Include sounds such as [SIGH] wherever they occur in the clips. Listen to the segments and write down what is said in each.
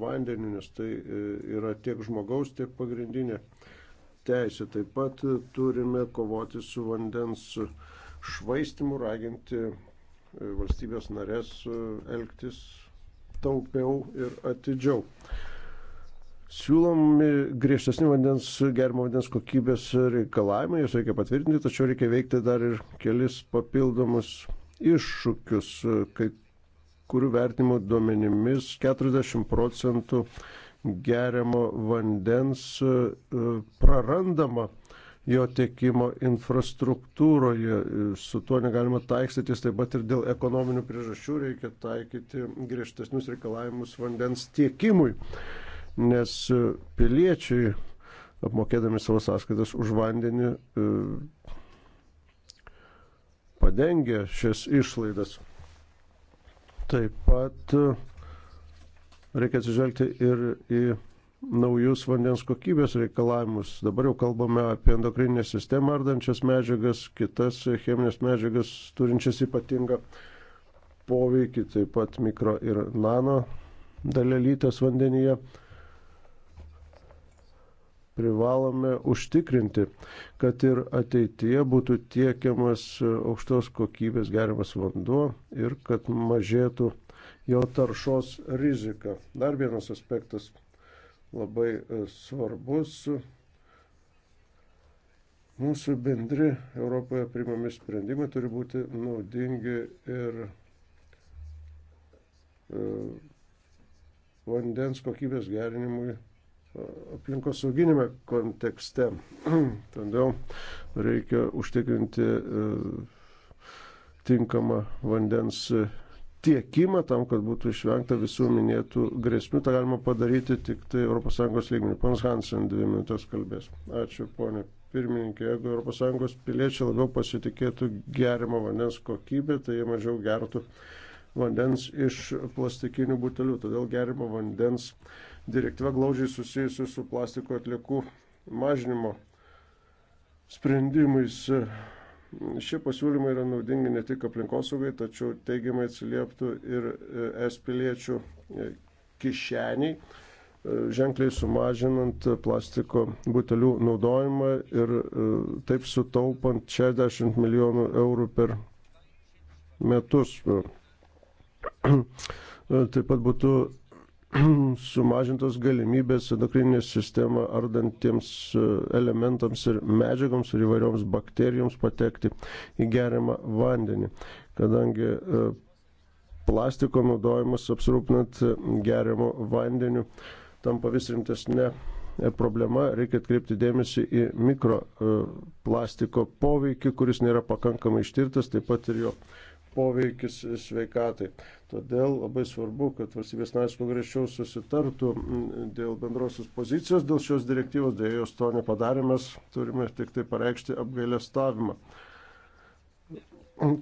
vandeniu, nes tai e, yra tiek žmogaus, tiek pagrindinė teisė. Taip pat e, turime kovoti su vandens švaistimu, raginti e, valstybės narės elgtis taupiau ir atidžiau. Siūlomi griežtesni vandens, germo vandens kokybės reikalavimai, juos reikia patvirtinti, tačiau reikia veikti dar ir kelis papildomus iššūkius, kai kurių vertinimo duomenimis 40 procentų geriamo vandens e, prarandama jo tiekimo infrastruktūroje. Su tuo negalima taikstytis, taip pat ir dėl ekonominių priežasčių reikia taikyti griežtesnius reikalavimus vandens tiekimui, nes e, piliečiai, apmokėdami savo sąskaitas už vandenį, e, padengia šias išlaidas. Taip pat e, reikia atsižvelgti ir į naujus vandens kokybės reikalavimus. Dabar jau kalbame apie endokrininę sistemą ardančias medžiagas, kitas cheminės medžiagas turinčias ypatingą poveikį, taip pat mikro ir nano dalelytės vandenyje privalome užtikrinti, kad ir ateityje būtų tiekiamas aukštos kokybės geriamas vanduo ir kad mažėtų jo taršos rizika. Dar vienas aspektas labai e, svarbus. Mūsų bendri Europoje primami sprendimai turi būti naudingi ir e, vandens kokybės gerinimui aplinkosauginėme kontekste. [CLEARS THROAT] Todėl reikia užtikrinti e, tinkamą vandens tiekimą tam, kad būtų išvengta visų minėtų grėsmių. Ta galima padaryti tik tai ES lygmenį. Pans Hansen dvi minutės kalbės. Ačiū, ponė pirmininkė. Jeigu ES piliečiai labiau pasitikėtų gerimo vandens kokybė, tai jie mažiau gertų vandens iš plastikinių butelių. Todėl gerimo vandens uh, direktyva glaudžiai susijusi su plastiko atliekų mažinimo sprendimais. Šie pasiūlymai yra naudingi ne tik aplinkosaugai, tačiau teigiamai atsilieptų ir es piliečių kišeniai, ženkliai sumažinant plastiko butelių naudojimą ir taip sutaupant 60 milijonų eurų per metus. Taip pat būtų [CLEARS THROAT] sumažintos galimybės endokrininę sistemą ardantiems e, elementams ir medžiagoms ir įvairioms bakterijoms patekti į geriamą vandenį, kadangi e, plastiko naudojimas apsirūpinant geriamo vandeniu tampa vis rimtesnė e, problema, reikia atkreipti dėmesį į mikroplastiko poveikį, kuris nėra pakankamai ištirtas, taip pat ir jo poveikis sveikatai. Todėl labai svarbu, kad valstybės narės kuo greičiau susitartų dėl bendrosios pozicijos, dėl šios direktyvos, dėl jos to nepadarėmės, turime tik tai pareikšti apgailestavimą.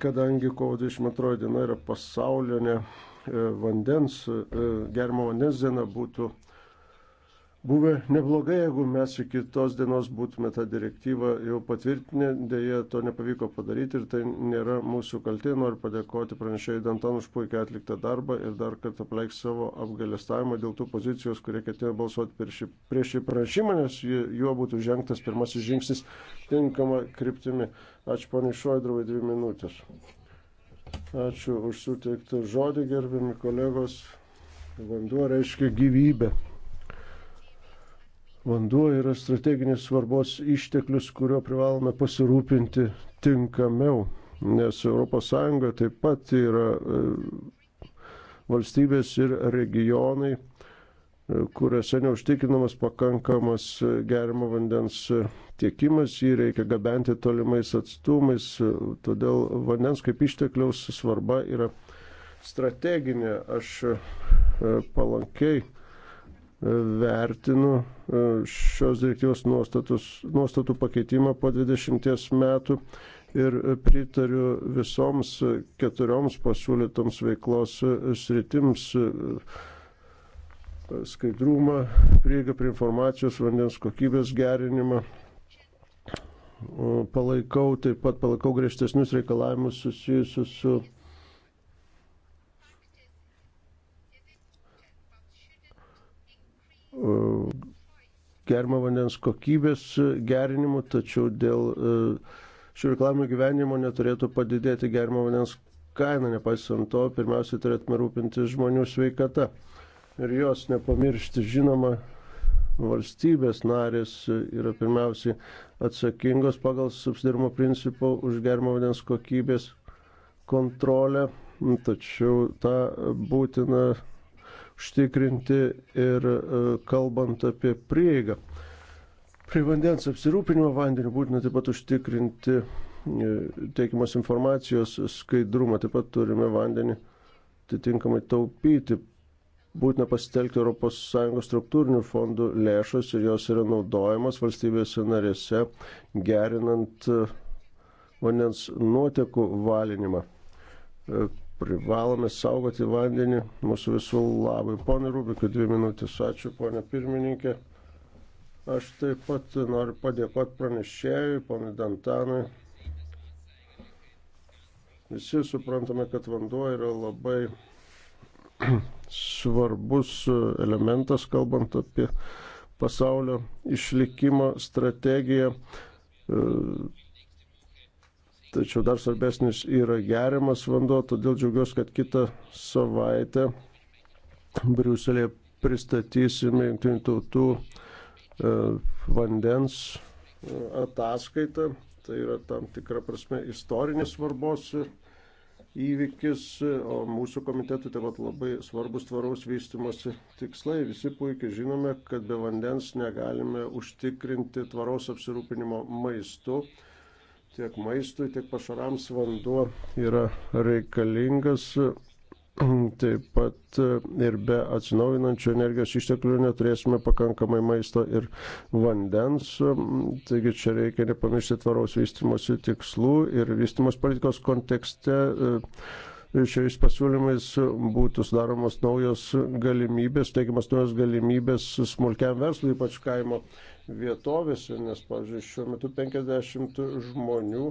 Kadangi kovo 22 diena yra pasaulinė e, vandens, e, germo vandens diena, būtų buvę neblogai, jeigu mes iki tos dienos būtume tą direktyvą jau patvirtinę, dėja to nepavyko padaryti ir tai nėra mūsų kaltė. Noriu padėkoti pranešėjai Danton už puikiai atliktą darbą ir dar kartą pleikti savo apgailestavimą dėl tų pozicijos, kurie ketina balsuoti prieš šį, prieš šį pranešimą, nes juo būtų žengtas pirmasis žingsnis tinkama kryptimi. Ačiū poniai Šoidrovai, dvi minutės. Ačiū už suteiktą žodį, gerbiami kolegos. Vanduo reiškia gyvybę. Vanduo yra strateginės svarbos išteklius, kuriuo privalome pasirūpinti tinkamiau, nes ES taip pat yra e, valstybės ir regionai, e, kuriuose neužtikrinamas pakankamas e, gerimo vandens tiekimas, jį reikia gabenti tolimais atstumais, todėl vandens kaip ištekliaus svarba yra strateginė. Aš palankiai vertinu e, šios direktyvos nuostatus, nuostatų pakeitimą po 20 metų ir pritariu visoms keturioms pasiūlytoms veiklos sritims - skaidrumą, prieigą prie informacijos, vandens kokybės gerinimą. Palaikau, taip pat palaikau griežtesnius reikalavimus susijusius su germo vandens kokybės gerinimu, tačiau dėl e, šių reklamų gyvenimo neturėtų padidėti germo vandens kaina, nepaisant to, pirmiausiai turėtume rūpintis žmonių sveikata ir jos nepamiršti. Žinoma, valstybės narės yra pirmiausiai atsakingos pagal subsidirimo principą už germo vandens kokybės kontrolę, tačiau tą būtina užtikrinti ir e, kalbant apie prieigą. Prie vandens apsirūpinimo vandeniu būtina taip pat užtikrinti e, teikiamos informacijos skaidrumą, taip pat turime vandenį atitinkamai taupyti. Būtina pasitelkti ES struktūrinių fondų lėšas ir jos yra naudojamas valstybėse narėse, gerinant e, vandens nuotekų valinimą privalome saugoti vandenį mūsų visų labai. Pone Rubikai, dvi minutės. Ačiū, ponė pirmininkė. Aš taip pat noriu padėkoti pranešėjui, ponui Dantanui. Visi suprantame, kad vanduo yra labai [CLEARS THROAT] svarbus elementas, kalbant apie pasaulio išlikimo strategiją Tačiau dar svarbesnis yra geriamas vanduo, todėl džiaugiuosi, kad kitą savaitę Briuselėje pristatysime jungtinių tautų e, vandens e, ataskaitą. Tai yra tam tikra prasme istorinės svarbos įvykis, o mūsų komitetui taip pat labai svarbus tvaraus vystimosi tikslai. Visi puikiai žinome, kad be vandens negalime užtikrinti tvaraus apsirūpinimo maistu tiek maistui, tiek pašarams vanduo yra reikalingas. Taip pat ir be atsinaujinančių energijos išteklių neturėsime pakankamai maisto ir vandens. Taigi čia reikia nepamiršti tvaraus vystimosi tikslų ir vystimos politikos kontekste e, šiais pasiūlymais būtų sudaromos naujos galimybės, teikiamas naujos galimybės smulkiam verslui, ypač kaimo vietovėse, nes, pavyzdžiui, šiuo metu 50 žmonių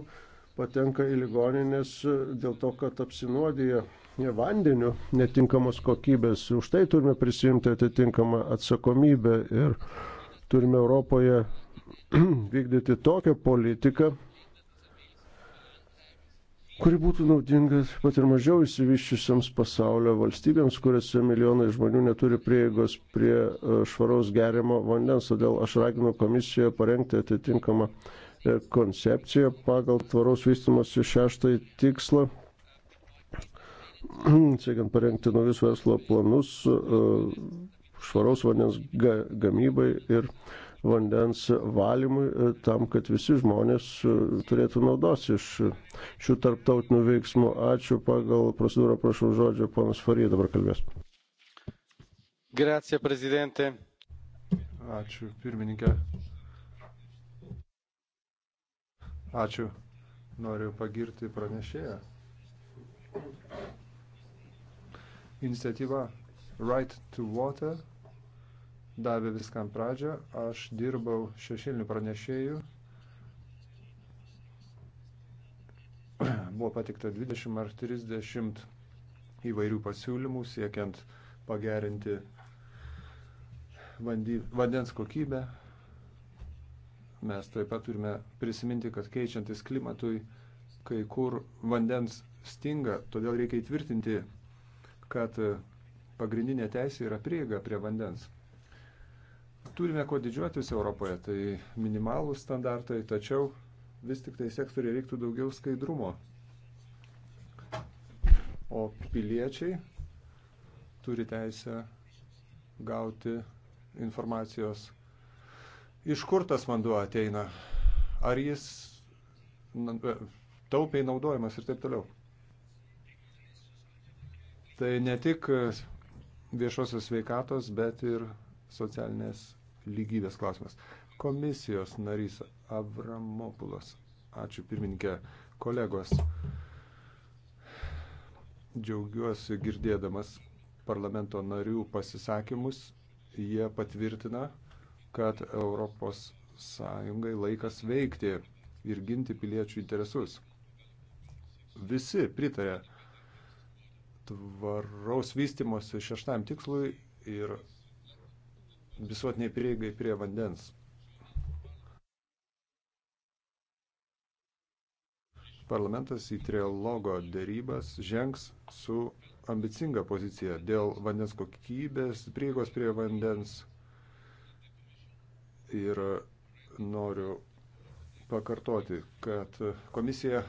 patenka į ligoninės dėl to, kad apsinuodija vandeniu netinkamos kokybės. Už tai turime prisimti atitinkamą atsakomybę ir turime Europoje [CLEARS THROAT] vykdyti tokią politiką, kuri būtų naudinga pat ir mažiau įsivyščiusiams pasaulio valstybėms, kuriuose milijonai žmonių neturi prieigos prie e, švaraus gerimo vandens. Todėl aš raginu komisiją parengti atitinkamą e, koncepciją pagal tvaraus vystimosi šeštąjį tikslą, [CLEARS THROAT] siekiant parengti naujus verslo planus e, švaraus vandens gamybai ir uh, vandens valymui, e, tam, kad visi žmonės e, turėtų naudos iš e, šių tarptautinių veiksmų. Ačiū pagal procedūrą, prašau žodžio, ponas Farija dabar kalbės. Grazie, prezidente. Ačiū, pirmininkė. Ačiū. Noriu pagirti pranešėją. Iniciatyva Right to Water davė viskam pradžią. Aš dirbau šešilinių pranešėjų. Buvo patikta 20 ar 30 įvairių pasiūlymų siekiant pagerinti vandy, vandens kokybę. Mes taip pat turime prisiminti, kad keičiantis klimatui kai kur vandens stinga, todėl reikia įtvirtinti, kad pagrindinė teisė yra prieiga prie vandens. Turime ko didžiuotis Europoje, tai minimalų standartai, tačiau vis tik tai sektoriai reiktų daugiau skaidrumo. O piliečiai turi teisę gauti informacijos, iš kur tas vanduo ateina, ar jis taupiai naudojamas ir taip toliau. Tai ne tik viešosios sveikatos, bet ir socialinės lygybės klausimas. Komisijos narys Avramopulas. Ačiū pirmininkė, kolegos. Džiaugiuosi girdėdamas parlamento narių pasisakymus. Jie patvirtina, kad Europos Sąjungai laikas veikti ir ginti piliečių interesus. Visi pritarė tvaraus vystimosi šeštam tikslui ir visuotiniai prieigai prie vandens. Parlamentas į trialogo dėrybas žengs su ambicinga pozicija dėl vandens kokybės, prieigos prie vandens. Ir noriu pakartoti, kad komisija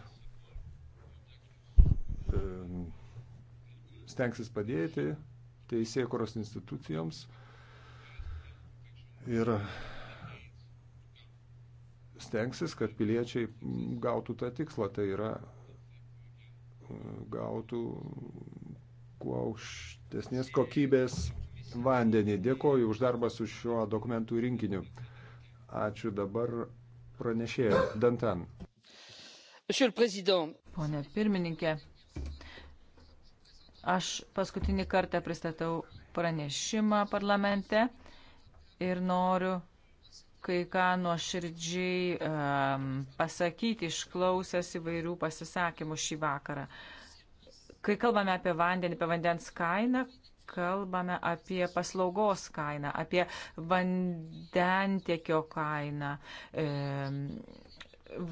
stengsis padėti teisėkuros institucijoms ir stengsis, kad piliečiai gautų tą tikslą, tai yra gautų kuo aukštesnės kokybės vandenį. Dėkoju už darbą su šiuo dokumentų rinkiniu. Ačiū dabar pranešėjai Dantan. Pone pirmininkė, aš paskutinį kartą pristatau pranešimą parlamente ir noriu kai ką nuoširdžiai um, pasakyti, išklausęs įvairių pasisakymų šį vakarą. Kai kalbame apie vandenį, apie vandens kainą, kalbame apie paslaugos kainą, apie vandentiekio kainą, e,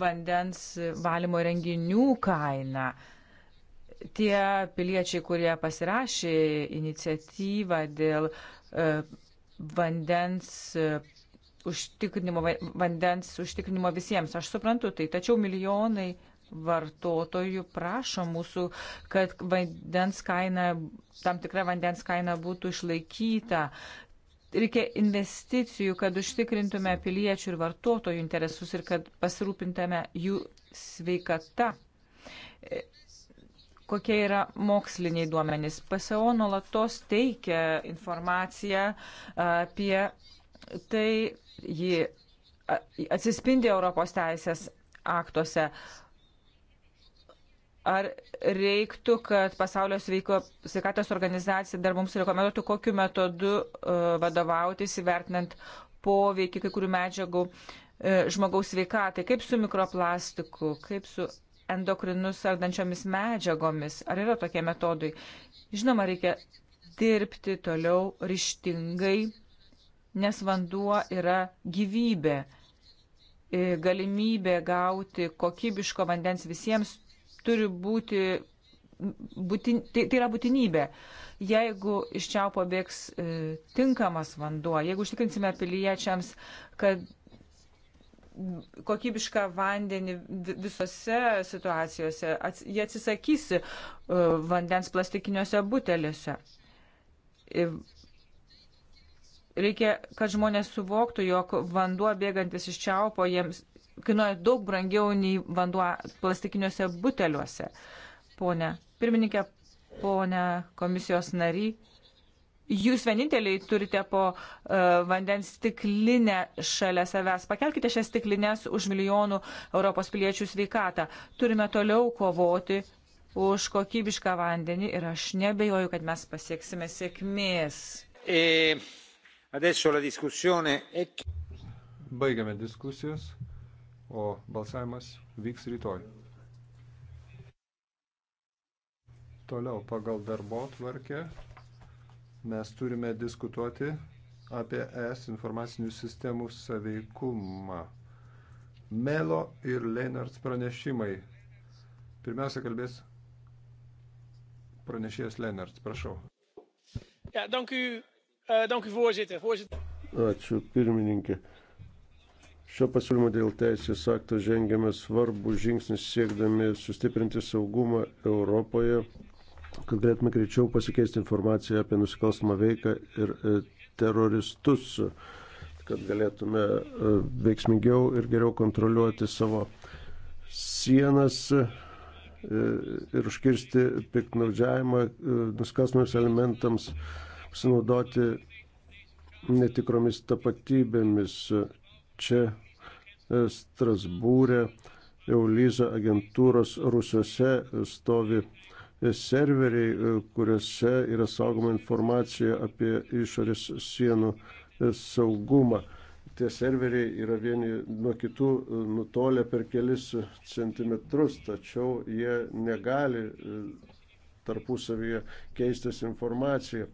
vandens valymo renginių kainą. Tie piliečiai, kurie pasirašė iniciatyvą dėl e, vandens e, užtikrinimo, vandens užtikrinimo visiems. Aš suprantu tai, tačiau milijonai vartotojų prašo mūsų, kad vandens kaina, tam tikra vandens kaina būtų išlaikyta. Reikia investicijų, kad užtikrintume piliečių ir vartotojų interesus ir kad pasirūpintume jų sveikata. E, kokie yra moksliniai duomenys. PSO nuolatos teikia informaciją apie tai, ji atsispindi Europos teisės aktuose. Ar reiktų, kad pasaulio sveiko sveikatos organizacija dar mums rekomenduotų, kokiu metodu uh, vadovautis įvertinant poveikį kai kurių medžiagų uh, žmogaus sveikatai, kaip su mikroplastiku, kaip su endokrinus ardančiomis medžiagomis. Ar yra tokie metodai? Žinoma, reikia dirbti toliau ryštingai, nes vanduo yra gyvybė. E, galimybė gauti kokybiško vandens visiems turi būti, būtin, tai, tai yra būtinybė. Jeigu iš čia pabėgs e, tinkamas vanduo, jeigu užtikrinsime piliečiams, kad kokybišką vandenį visose situacijose. Ats, jie atsisakys uh, vandens plastikiniuose butelėse. Ir reikia, kad žmonės suvoktų, jog vanduo bėgantis iš čiaupo jiems kainuoja daug brangiau nei vanduo plastikiniuose buteliuose. Pone pirmininkė, pone komisijos nariai, Jūs vieninteliai turite po uh, vandens stiklinę šalia savęs. Pakelkite šias stiklinės už milijonų Europos piliečių sveikatą. Turime toliau kovoti už kokybišką vandenį ir aš nebejoju, kad mes pasieksime sėkmės. E, diskusione... Baigiame diskusijas, o balsavimas vyks rytoj. Toliau pagal darbo tvarkę mes turime diskutuoti apie ES informacinių sistemų saveikumą. Melo ir Leinarts pranešimai. Pirmiausia kalbės pranešėjas Leinarts, prašau. Ja, dank u, uh, dank u voorzitter. voorzitter. Ačiū pirmininkė. Šio pasiūlymo dėl teisės akto žengėme svarbų žingsnį siekdami sustiprinti saugumą Europoje kad galėtume greičiau pasikeisti informaciją apie nusikalstamą veiką ir e, teroristus, kad galėtume e, veiksmingiau ir geriau kontroliuoti savo sienas e, ir užkirsti piknaudžiavimą nusikalstamiems elementams, pasinaudoti netikromis tapatybėmis. Čia Strasbūrė, Eulyza agentūros Rusiuose stovi serveriai, e, kuriuose yra saugoma informacija apie išorės sienų e, saugumą. Tie serveriai yra vieni nuo kitų e, nutolę per kelis centimetrus, tačiau jie negali tarpusavyje keistis informaciją.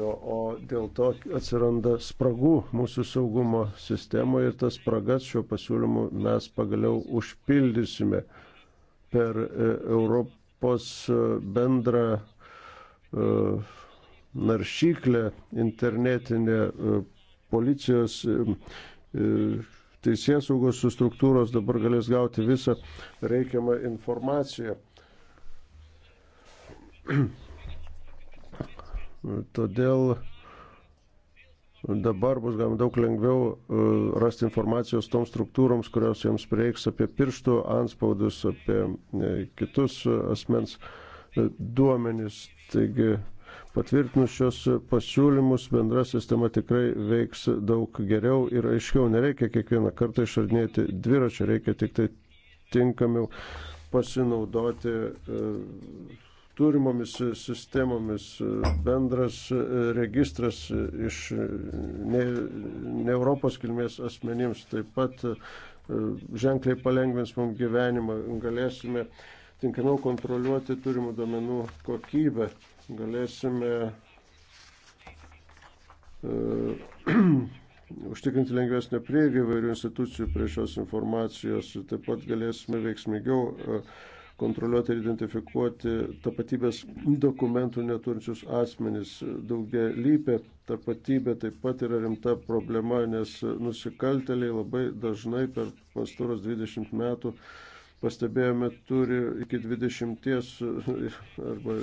O dėl to atsiranda spragų mūsų saugumo sistemoje ir tas spragas šiuo pasiūlymu mes pagaliau užpildysime per e, Europos e, bendrą e, naršyklę internetinę policijos teisės saugos struktūros dabar galės gauti visą reikiamą informaciją. Todėl Dabar bus galima daug lengviau e, rasti informacijos toms struktūroms, kurios jiems prieiks apie pirštų anspaudus, apie e, kitus asmens e, duomenis. Taigi patvirtinus šios pasiūlymus bendra sistema tikrai veiks daug geriau ir aiškiau. Nereikia kiekvieną kartą išradinėti dviračio, reikia tik tai tinkamiau pasinaudoti. Uh, turimomis e, sistemomis, e, bendras e, registras iš ne, ne Europos kilmės asmenims taip pat ženkliai palengvins mums gyvenimą, galėsime tinkamiau kontroliuoti turimų domenų kokybę, galėsime [CLEARS THROAT] užtikrinti lengvesnę prieigą įvairių institucijų prie šios informacijos, taip pat galėsime veiksmingiau uh, kontroliuoti ir identifikuoti tapatybės dokumentų neturinčius asmenys. Daugia lypė tapatybė taip pat yra rimta problema, nes nusikalteliai labai dažnai per pastaros 20 metų pastebėjome, turi iki 20 arba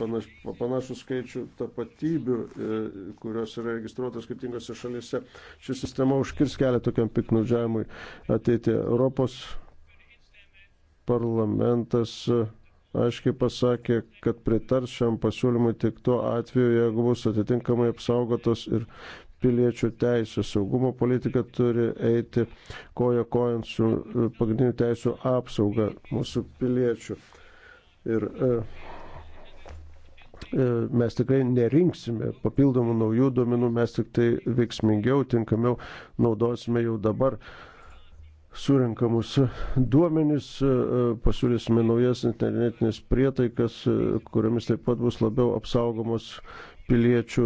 panaš, panašų skaičių tapatybių, e, kurios yra registruotos skirtingose šalise. Ši sistema užkirs kelią tokiam piknaudžiavimui ateiti. Europos parlamentas e, aiškiai pasakė, kad pritars šiam pasiūlymui tik tuo atveju, jeigu bus atitinkamai apsaugotos ir piliečių teisės. Saugumo politika turi eiti koja kojant su e, pagrindinių teisų apsauga mūsų piliečių. Ir e, e, mes tikrai nerinksime papildomų naujų duomenų, mes tik tai veiksmingiau, tinkamiau naudosime jau dabar surinkamus duomenis, e, e, pasiūlysime naujas internetinės prietaikas, e, kuriamis taip pat bus labiau apsaugomos piliečių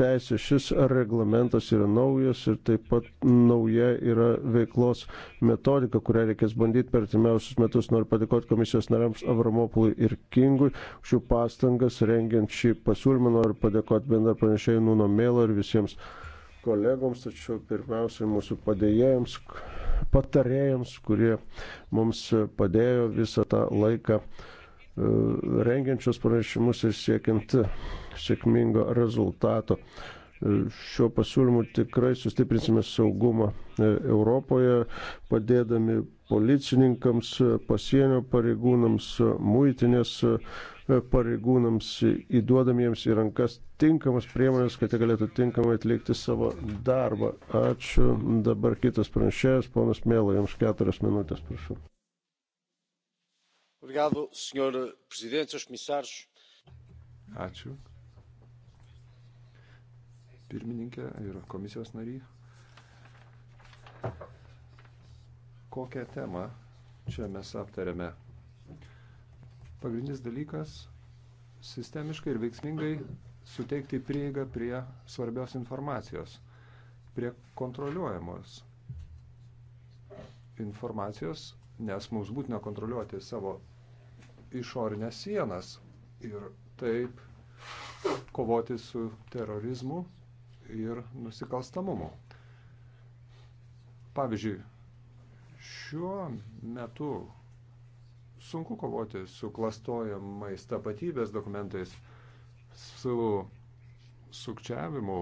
teisė. Šis reglamentas yra naujas ir taip pat nauja yra veiklos metodika, kurią reikės bandyti per timiausius metus. Noriu padėkoti komisijos nariams Avramopului ir Kingui už jų pastangas rengiant šį pasiūlymą. Noriu padėkoti bendra pranešėjai Nuno Mėlo ir visiems kolegoms, tačiau pirmiausiai mūsų padėjėjams, patarėjams, kurie mums padėjo visą tą laiką e, rengiančios pranešimus ir siekiant sėkmingo rezultato. E, šiuo pasiūlymu tikrai sustiprinsime saugumą e, Europoje, padėdami policininkams, pasienio pareigūnams, muitinės pareigūnams įduodamiems į rankas tinkamas priemonės, kad jie galėtų tinkamai atlikti savo darbą. Ačiū. Dabar kitas pranešėjas, ponas Mėla, jums keturias minutės, prašau. Obrigado, senhor presidente, senhores comissários. Ačiū. Pirmininkė ir komisijos nariai. Kokią temą čia mes aptarėme Pagrindinis dalykas - sistemiškai ir veiksmingai suteikti prieigą prie svarbios informacijos, prie kontroliuojamos informacijos, nes mums būtina kontroliuoti savo išorinės sienas ir taip kovoti su terorizmu ir nusikalstamumu. Pavyzdžiui, šiuo metu sunku kovoti su klastojamais tapatybės dokumentais, su sukčiavimu,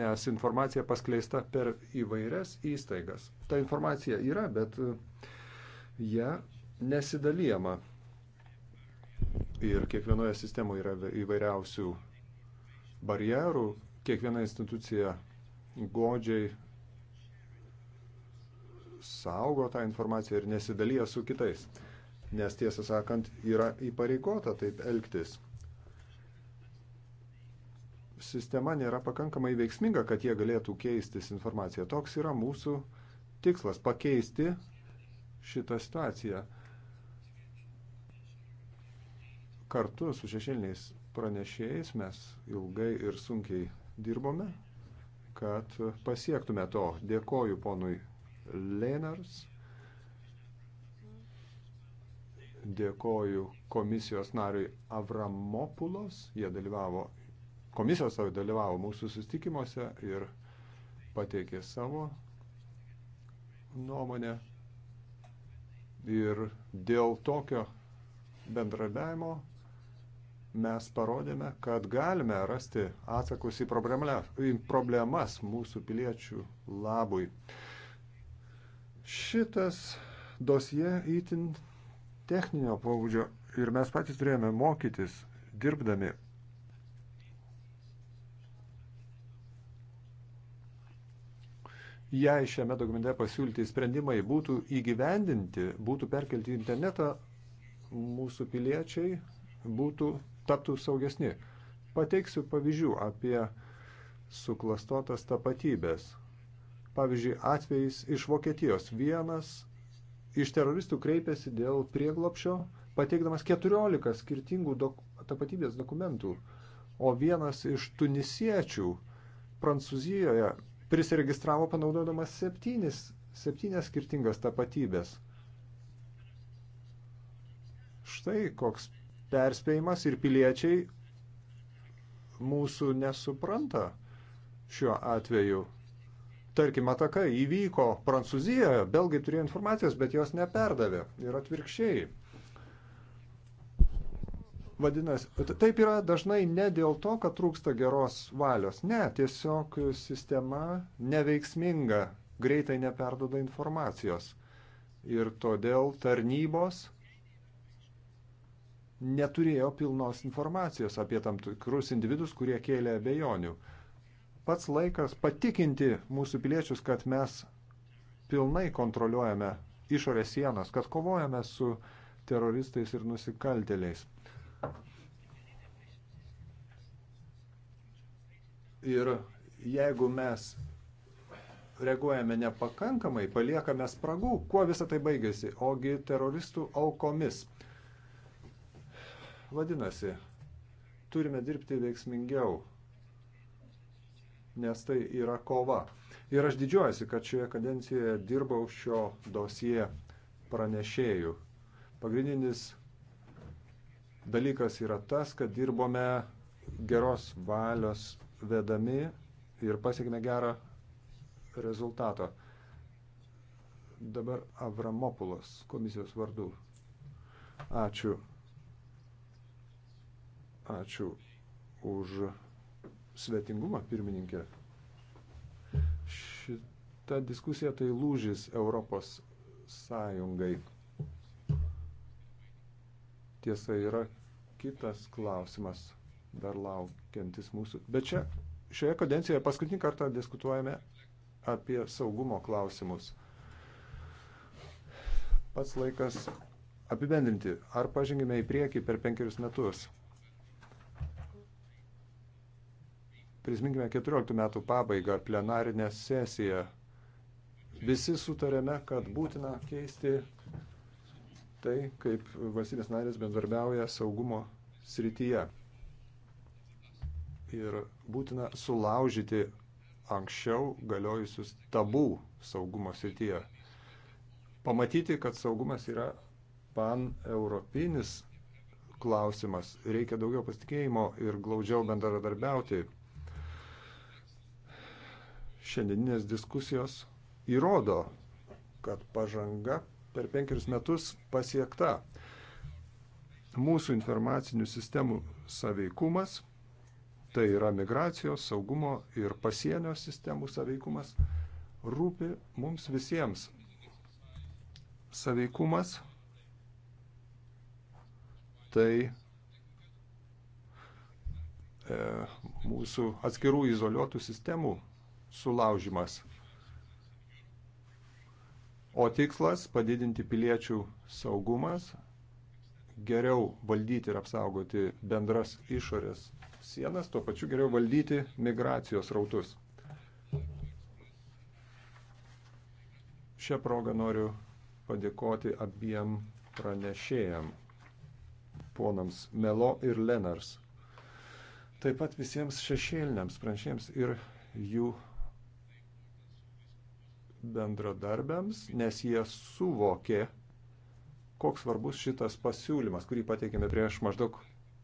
nes informacija paskleista per įvairias įstaigas. Ta informacija yra, bet e, ją nesidalyjama. Ir kiekvienoje sistemoje yra įvairiausių barjerų, kiekviena institucija godžiai saugo tą informaciją ir nesidalyja su kitais nes tiesą sakant yra įpareigota taip elgtis. Sistema nėra pakankamai veiksminga, kad jie galėtų keistis informaciją. Toks yra mūsų tikslas - pakeisti šitą situaciją. Kartu su šešėliniais pranešėjais mes ilgai ir sunkiai dirbome, kad pasiektume to. Dėkoju ponui Lenars dėkoju komisijos nariui Avramopulos. Jie dalyvavo, komisijos savo dalyvavo mūsų sustikimuose ir pateikė savo nuomonę. Ir dėl tokio bendradavimo mes parodėme, kad galime rasti atsakus į problemas mūsų piliečių labui. Šitas dosie įtin techninio pobūdžio ir mes patys turėjome mokytis, dirbdami. Jei šiame dokumente pasiūlyti sprendimai būtų įgyvendinti, būtų perkelti į internetą, mūsų piliečiai būtų taptų saugesni. Pateiksiu pavyzdžių apie suklastotas tapatybės. Pavyzdžiui, atvejis iš Vokietijos. Vienas iš teroristų kreipėsi dėl prieglopšio, pateikdamas 14 skirtingų dok tapatybės dokumentų, o vienas iš tunisiečių Prancūzijoje prisiregistravo panaudodamas septynis, septynias skirtingas tapatybės. Štai koks perspėjimas ir piliečiai mūsų nesupranta šiuo atveju. Tarkim, ataka įvyko Prancūzijoje, belgai turėjo informacijos, bet jos neperdavė ir atvirkščiai. Vadinasi, taip yra dažnai ne dėl to, kad trūksta geros valios. Ne, tiesiog sistema neveiksminga, greitai neperdoda informacijos. Ir todėl tarnybos neturėjo pilnos informacijos apie tam tikrus individus, kurie kėlė abejonių pats laikas patikinti mūsų piliečius, kad mes pilnai kontroliuojame išorės sienas, kad kovojame su teroristais ir nusikaltėliais. Ir jeigu mes reaguojame nepakankamai, paliekame spragų, kuo visą tai baigėsi, ogi teroristų aukomis. Vadinasi, turime dirbti veiksmingiau, nes tai yra kova. Ir aš didžiuojasi, kad šioje kadencijoje dirbau šio dosie pranešėjų. Pagrindinis dalykas yra tas, kad dirbome geros valios vedami ir pasiekime gerą rezultatą. Dabar Avramopulas komisijos vardu. Ačiū. Ačiū už svetingumą, pirmininkė. Šita diskusija tai lūžis Europos Sąjungai. Tiesa yra kitas klausimas dar laukiantis mūsų. Bet čia, šioje kadencijoje paskutinį kartą diskutuojame apie saugumo klausimus. Pats laikas apibendrinti, ar pažengėme į priekį per penkerius metus. Prisiminkime 14 metų pabaigą, plenarinę sesiją. Visi sutarėme, kad būtina keisti tai, kaip valstybės narės bendarbiauja saugumo srityje. Ir būtina sulaužyti anksčiau galiojusius tabų saugumo srityje. Pamatyti, kad saugumas yra pan-europinis klausimas, reikia daugiau pasitikėjimo ir glaudžiau bendradarbiauti šiandieninės diskusijos įrodo, kad pažanga per penkerius metus pasiekta. Mūsų informacinių sistemų saveikumas, tai yra migracijos, saugumo ir pasienio sistemų saveikumas, rūpi mums visiems. Saveikumas tai e, mūsų atskirų izoliuotų sistemų sulaužimas. O tikslas - padidinti piliečių saugumas, geriau valdyti ir apsaugoti bendras išorės sienas, tuo pačiu geriau valdyti migracijos rautus. Šią progą noriu padėkoti abiem pranešėjam, ponams Melo ir Lenars. Taip pat visiems šešėliniams pranešėjams ir jų bendradarbiams, nes jie suvokė, koks svarbus šitas pasiūlymas, kurį pateikėme prieš maždaug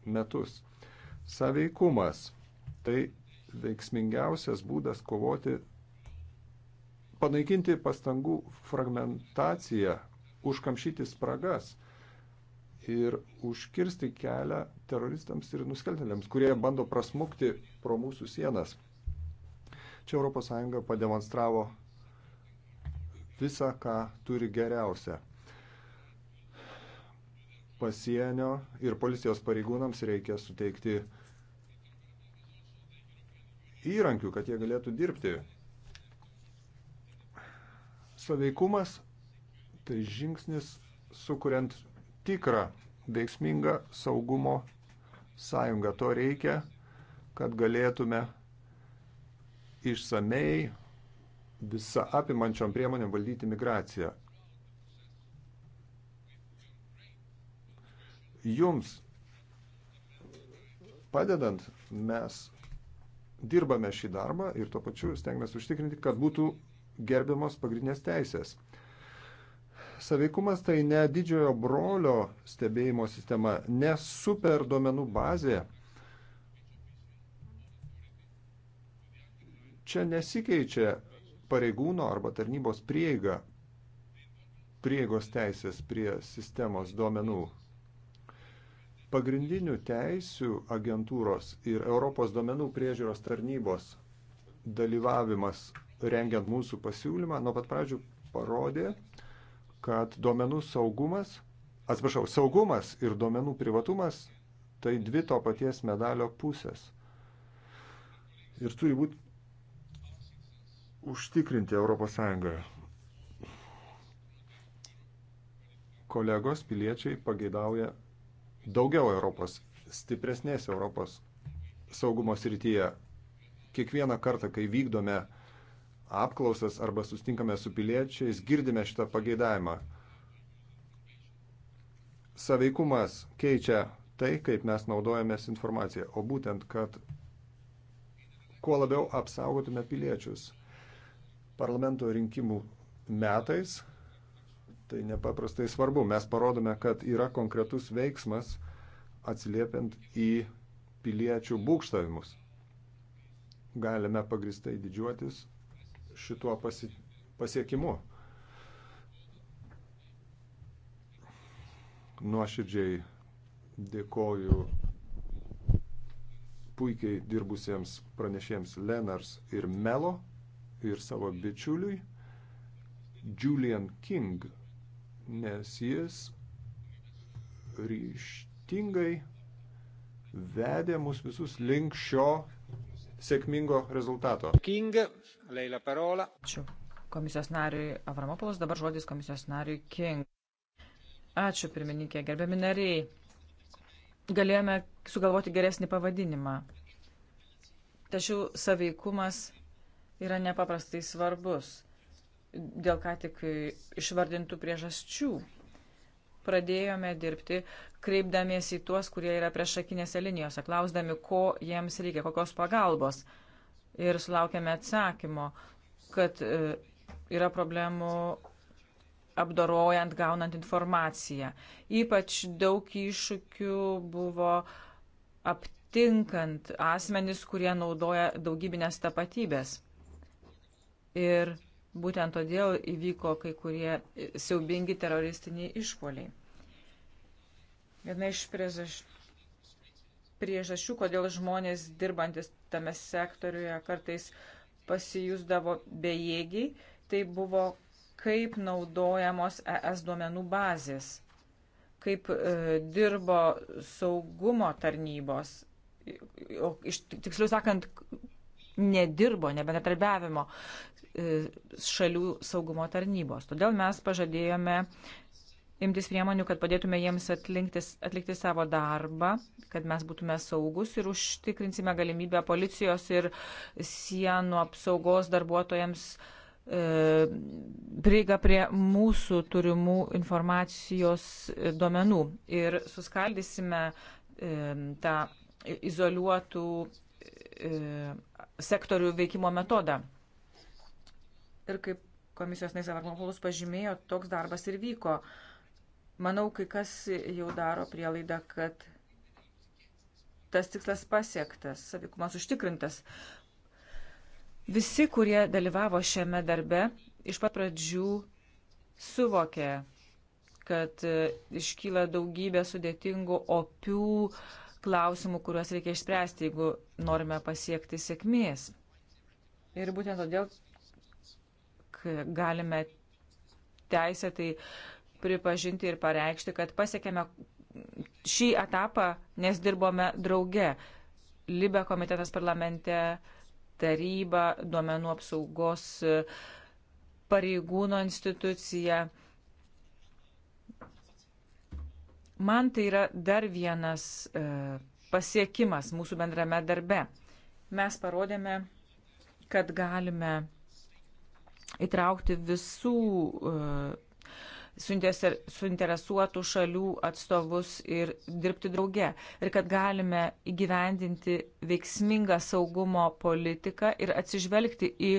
metus. Saveikumas - tai veiksmingiausias būdas kovoti, panaikinti pastangų fragmentaciją, užkamšyti spragas ir užkirsti kelią teroristams ir nuskeltėliams, kurie bando prasmukti pro mūsų sienas. Čia ES pademonstravo visą, ką turi geriausia. Pasienio ir policijos pareigūnams reikia suteikti įrankių, kad jie galėtų dirbti. Saveikumas tai žingsnis sukuriant tikrą veiksmingą saugumo sąjungą. To reikia, kad galėtume išsamei visą apimančiom priemonėm valdyti migraciją. Jums padedant mes dirbame šį darbą ir tuo pačiu stengiamės užtikrinti, kad būtų gerbiamos pagrindinės teisės. Saveikumas tai ne didžiojo brolio stebėjimo sistema, ne super duomenų bazė. Čia nesikeičia pareigūno arba tarnybos prieiga, prieigos teisės prie sistemos duomenų. Pagrindinių teisių agentūros ir Europos duomenų priežiūros tarnybos dalyvavimas rengiant mūsų pasiūlymą nuo pat pradžių parodė, kad duomenų saugumas, atsiprašau, saugumas ir duomenų privatumas tai dvi to paties medalio pusės. Ir turi būti užtikrinti Europos Sąjungoje. Kolegos piliečiai pageidauja daugiau Europos, stipresnės Europos saugumo srityje. Kiekvieną kartą, kai vykdome apklausas arba sustinkame su piliečiais, girdime šitą pageidavimą. Saveikumas keičia tai, kaip mes naudojamės informaciją, o būtent, kad kuo labiau apsaugotume piliečius parlamento rinkimų metais. Tai nepaprastai svarbu. Mes parodome, kad yra konkretus veiksmas atsiliepiant į piliečių būkštavimus. Galime pagristai didžiuotis šituo pasi pasiekimu. Nuoširdžiai dėkoju puikiai dirbusiems pranešėjams Lenars ir Melo ir savo bičiuliui Julian King, nes jis ryštingai vedė mus visus link šio sėkmingo rezultato. King, lei la parola. Ačiū. Komisijos nariui Avramopolas, dabar žodis komisijos nariui King. Ačiū, pirmininkė, gerbiami nariai. Galėjome sugalvoti geresnį pavadinimą. Tačiau saveikumas yra nepaprastai svarbus dėl ką tik išvardintų priežasčių. Pradėjome dirbti, kreipdamiesi į tuos, kurie yra priešakinėse linijose, klausdami, ko jiems reikia, kokios pagalbos. Ir sulaukėme atsakymo, kad e, yra problemų apdorojant, gaunant informaciją. Ypač daug iššūkių buvo aptinkant asmenis, kurie naudoja daugybinės tapatybės ir būtent todėl įvyko kai kurie siaubingi teroristiniai išpoliai. Viena iš priežasčių, kodėl žmonės dirbantis tame sektoriuje kartais pasijūsdavo bejėgiai, tai buvo kaip naudojamos ES duomenų bazės, kaip e, dirbo saugumo tarnybos, o iš, tiksliau sakant, nedirbo, nebendradarbiavimo E, šalių saugumo tarnybos. Todėl mes pažadėjome imtis priemonių, kad padėtume jiems atlinktis, atlikti savo darbą, kad mes būtume saugus ir užtikrinsime galimybę policijos ir sienų apsaugos darbuotojams e, prieiga prie mūsų turimų informacijos e, duomenų ir suskaldysime e, tą izoliuotų e, sektorių veikimo metodą. Ir kaip komisijos naisavarnopolus pažymėjo, toks darbas ir vyko. Manau, kai kas jau daro prielaidą, kad tas tikslas pasiektas, savikumas užtikrintas. Visi, kurie dalyvavo šiame darbe, iš pat pradžių suvokė, kad e, iškyla daugybė sudėtingų, opių klausimų, kuriuos reikia išspręsti, jeigu norime pasiekti sėkmės. Ir būtent todėl galime teisėtai pripažinti ir pareikšti, kad pasiekėme šį etapą, nes dirbome drauge. Libe komitetas parlamente, taryba, duomenų apsaugos pareigūno institucija. Man tai yra dar vienas e, pasiekimas mūsų bendrame darbe. Mes parodėme, kad galime įtraukti visų e, suinteresuotų šalių atstovus ir dirbti drauge. Ir kad galime įgyvendinti veiksmingą saugumo politiką ir atsižvelgti į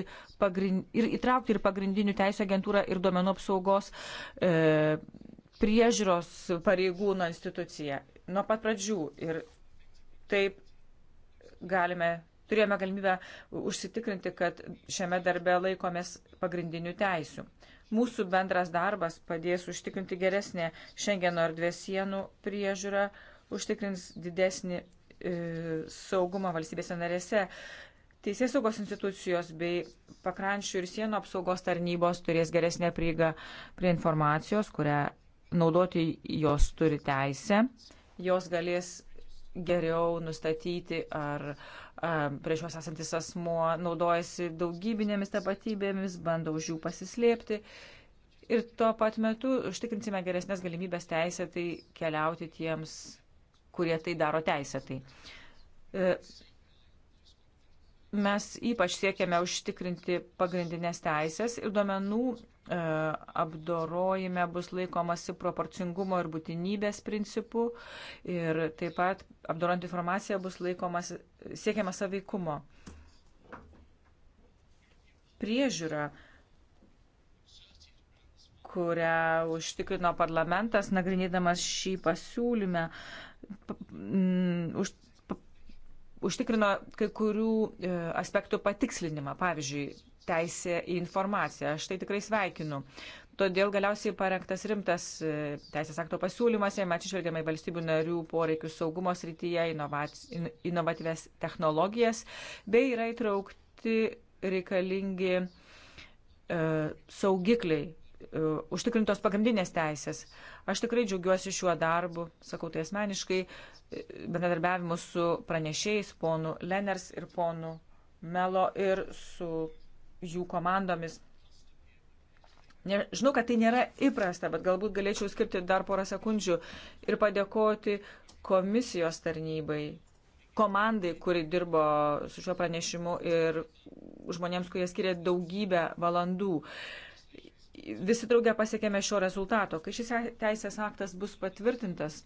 pagrind, ir įtraukti ir pagrindinių teisų agentūrą ir duomenų apsaugos e, priežiūros pareigūno instituciją. Nuo pat pradžių ir taip galime turėjome galimybę užsitikrinti, kad šiame darbe laikomės pagrindinių teisių. Mūsų bendras darbas padės užtikrinti geresnę Šengeno erdvės sienų priežiūrą, užtikrins didesnį e, saugumą valstybėse narėse. Teisės saugos institucijos bei pakrančių ir sienų apsaugos tarnybos turės geresnę prieigą prie informacijos, kurią naudoti jos turi teisę. Jos galės geriau nustatyti, ar prieš juos esantis asmuo naudojasi daugybinėmis tapatybėmis, bando už jų pasislėpti. Ir tuo pat metu užtikrinsime geresnės galimybės teisėtai keliauti tiems, kurie tai daro teisėtai. E, mes ypač siekiame užtikrinti pagrindinės teisės ir duomenų E, apdorojime bus laikomasi proporcingumo ir būtinybės principų ir taip pat apdorant informaciją bus laikomas siekiama saveikumo. Priežiūra, kurią užtikrino parlamentas, nagrinėdamas šį pasiūlymę, už, užtikrino kai kurių e, aspektų patikslinimą. Pavyzdžiui, teisė į informaciją. Aš tai tikrai sveikinu. Todėl galiausiai parengtas rimtas e, teisės akto pasiūlymas, jame atsižvelgiama į valstybių narių poreikius saugumo srityje, inovatyves technologijas, bei yra įtraukti reikalingi e, saugikliai, e, užtikrintos pagrindinės teisės. Aš tikrai džiaugiuosi šiuo darbu, sakau tai asmeniškai, e, bendradarbiavimu su pranešėjais, ponu Leners ir ponu Melo ir su jų komandomis. Ne, žinau, kad tai nėra įprasta, bet galbūt galėčiau skirti dar porą sekundžių ir padėkoti komisijos tarnybai, komandai, kuri dirbo su šiuo pranešimu ir žmonėms, kurie skiria daugybę valandų. Visi draugė pasiekėme šio rezultato. Kai šis teisės aktas bus patvirtintas,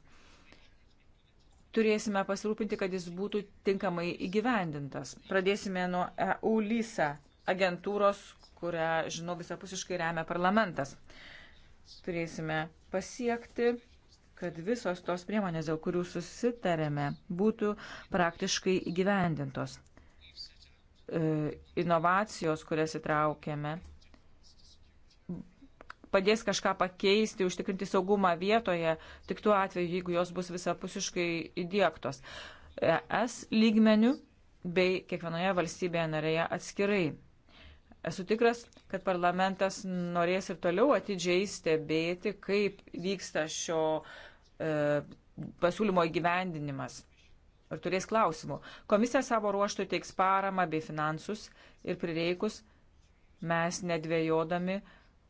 turėsime pasirūpinti, kad jis būtų tinkamai įgyvendintas. Pradėsime nuo EU LISA agentūros, kurią, žinau, visapusiškai remia parlamentas. Turėsime pasiekti, kad visos tos priemonės, dėl kurių susitarėme, būtų praktiškai įgyvendintos. E, inovacijos, kurias įtraukėme, padės kažką pakeisti, užtikrinti saugumą vietoje, tik tuo atveju, jeigu jos bus visapusiškai įdėktos. E, ES lygmenių bei kiekvienoje valstybėje narėje atskirai. Esu tikras, kad parlamentas norės ir toliau atidžiai stebėti, kaip vyksta šio e, pasiūlymo įgyvendinimas. Ir turės klausimų. Komisija savo ruoštų teiks paramą bei finansus ir prireikus mes nedvėjodami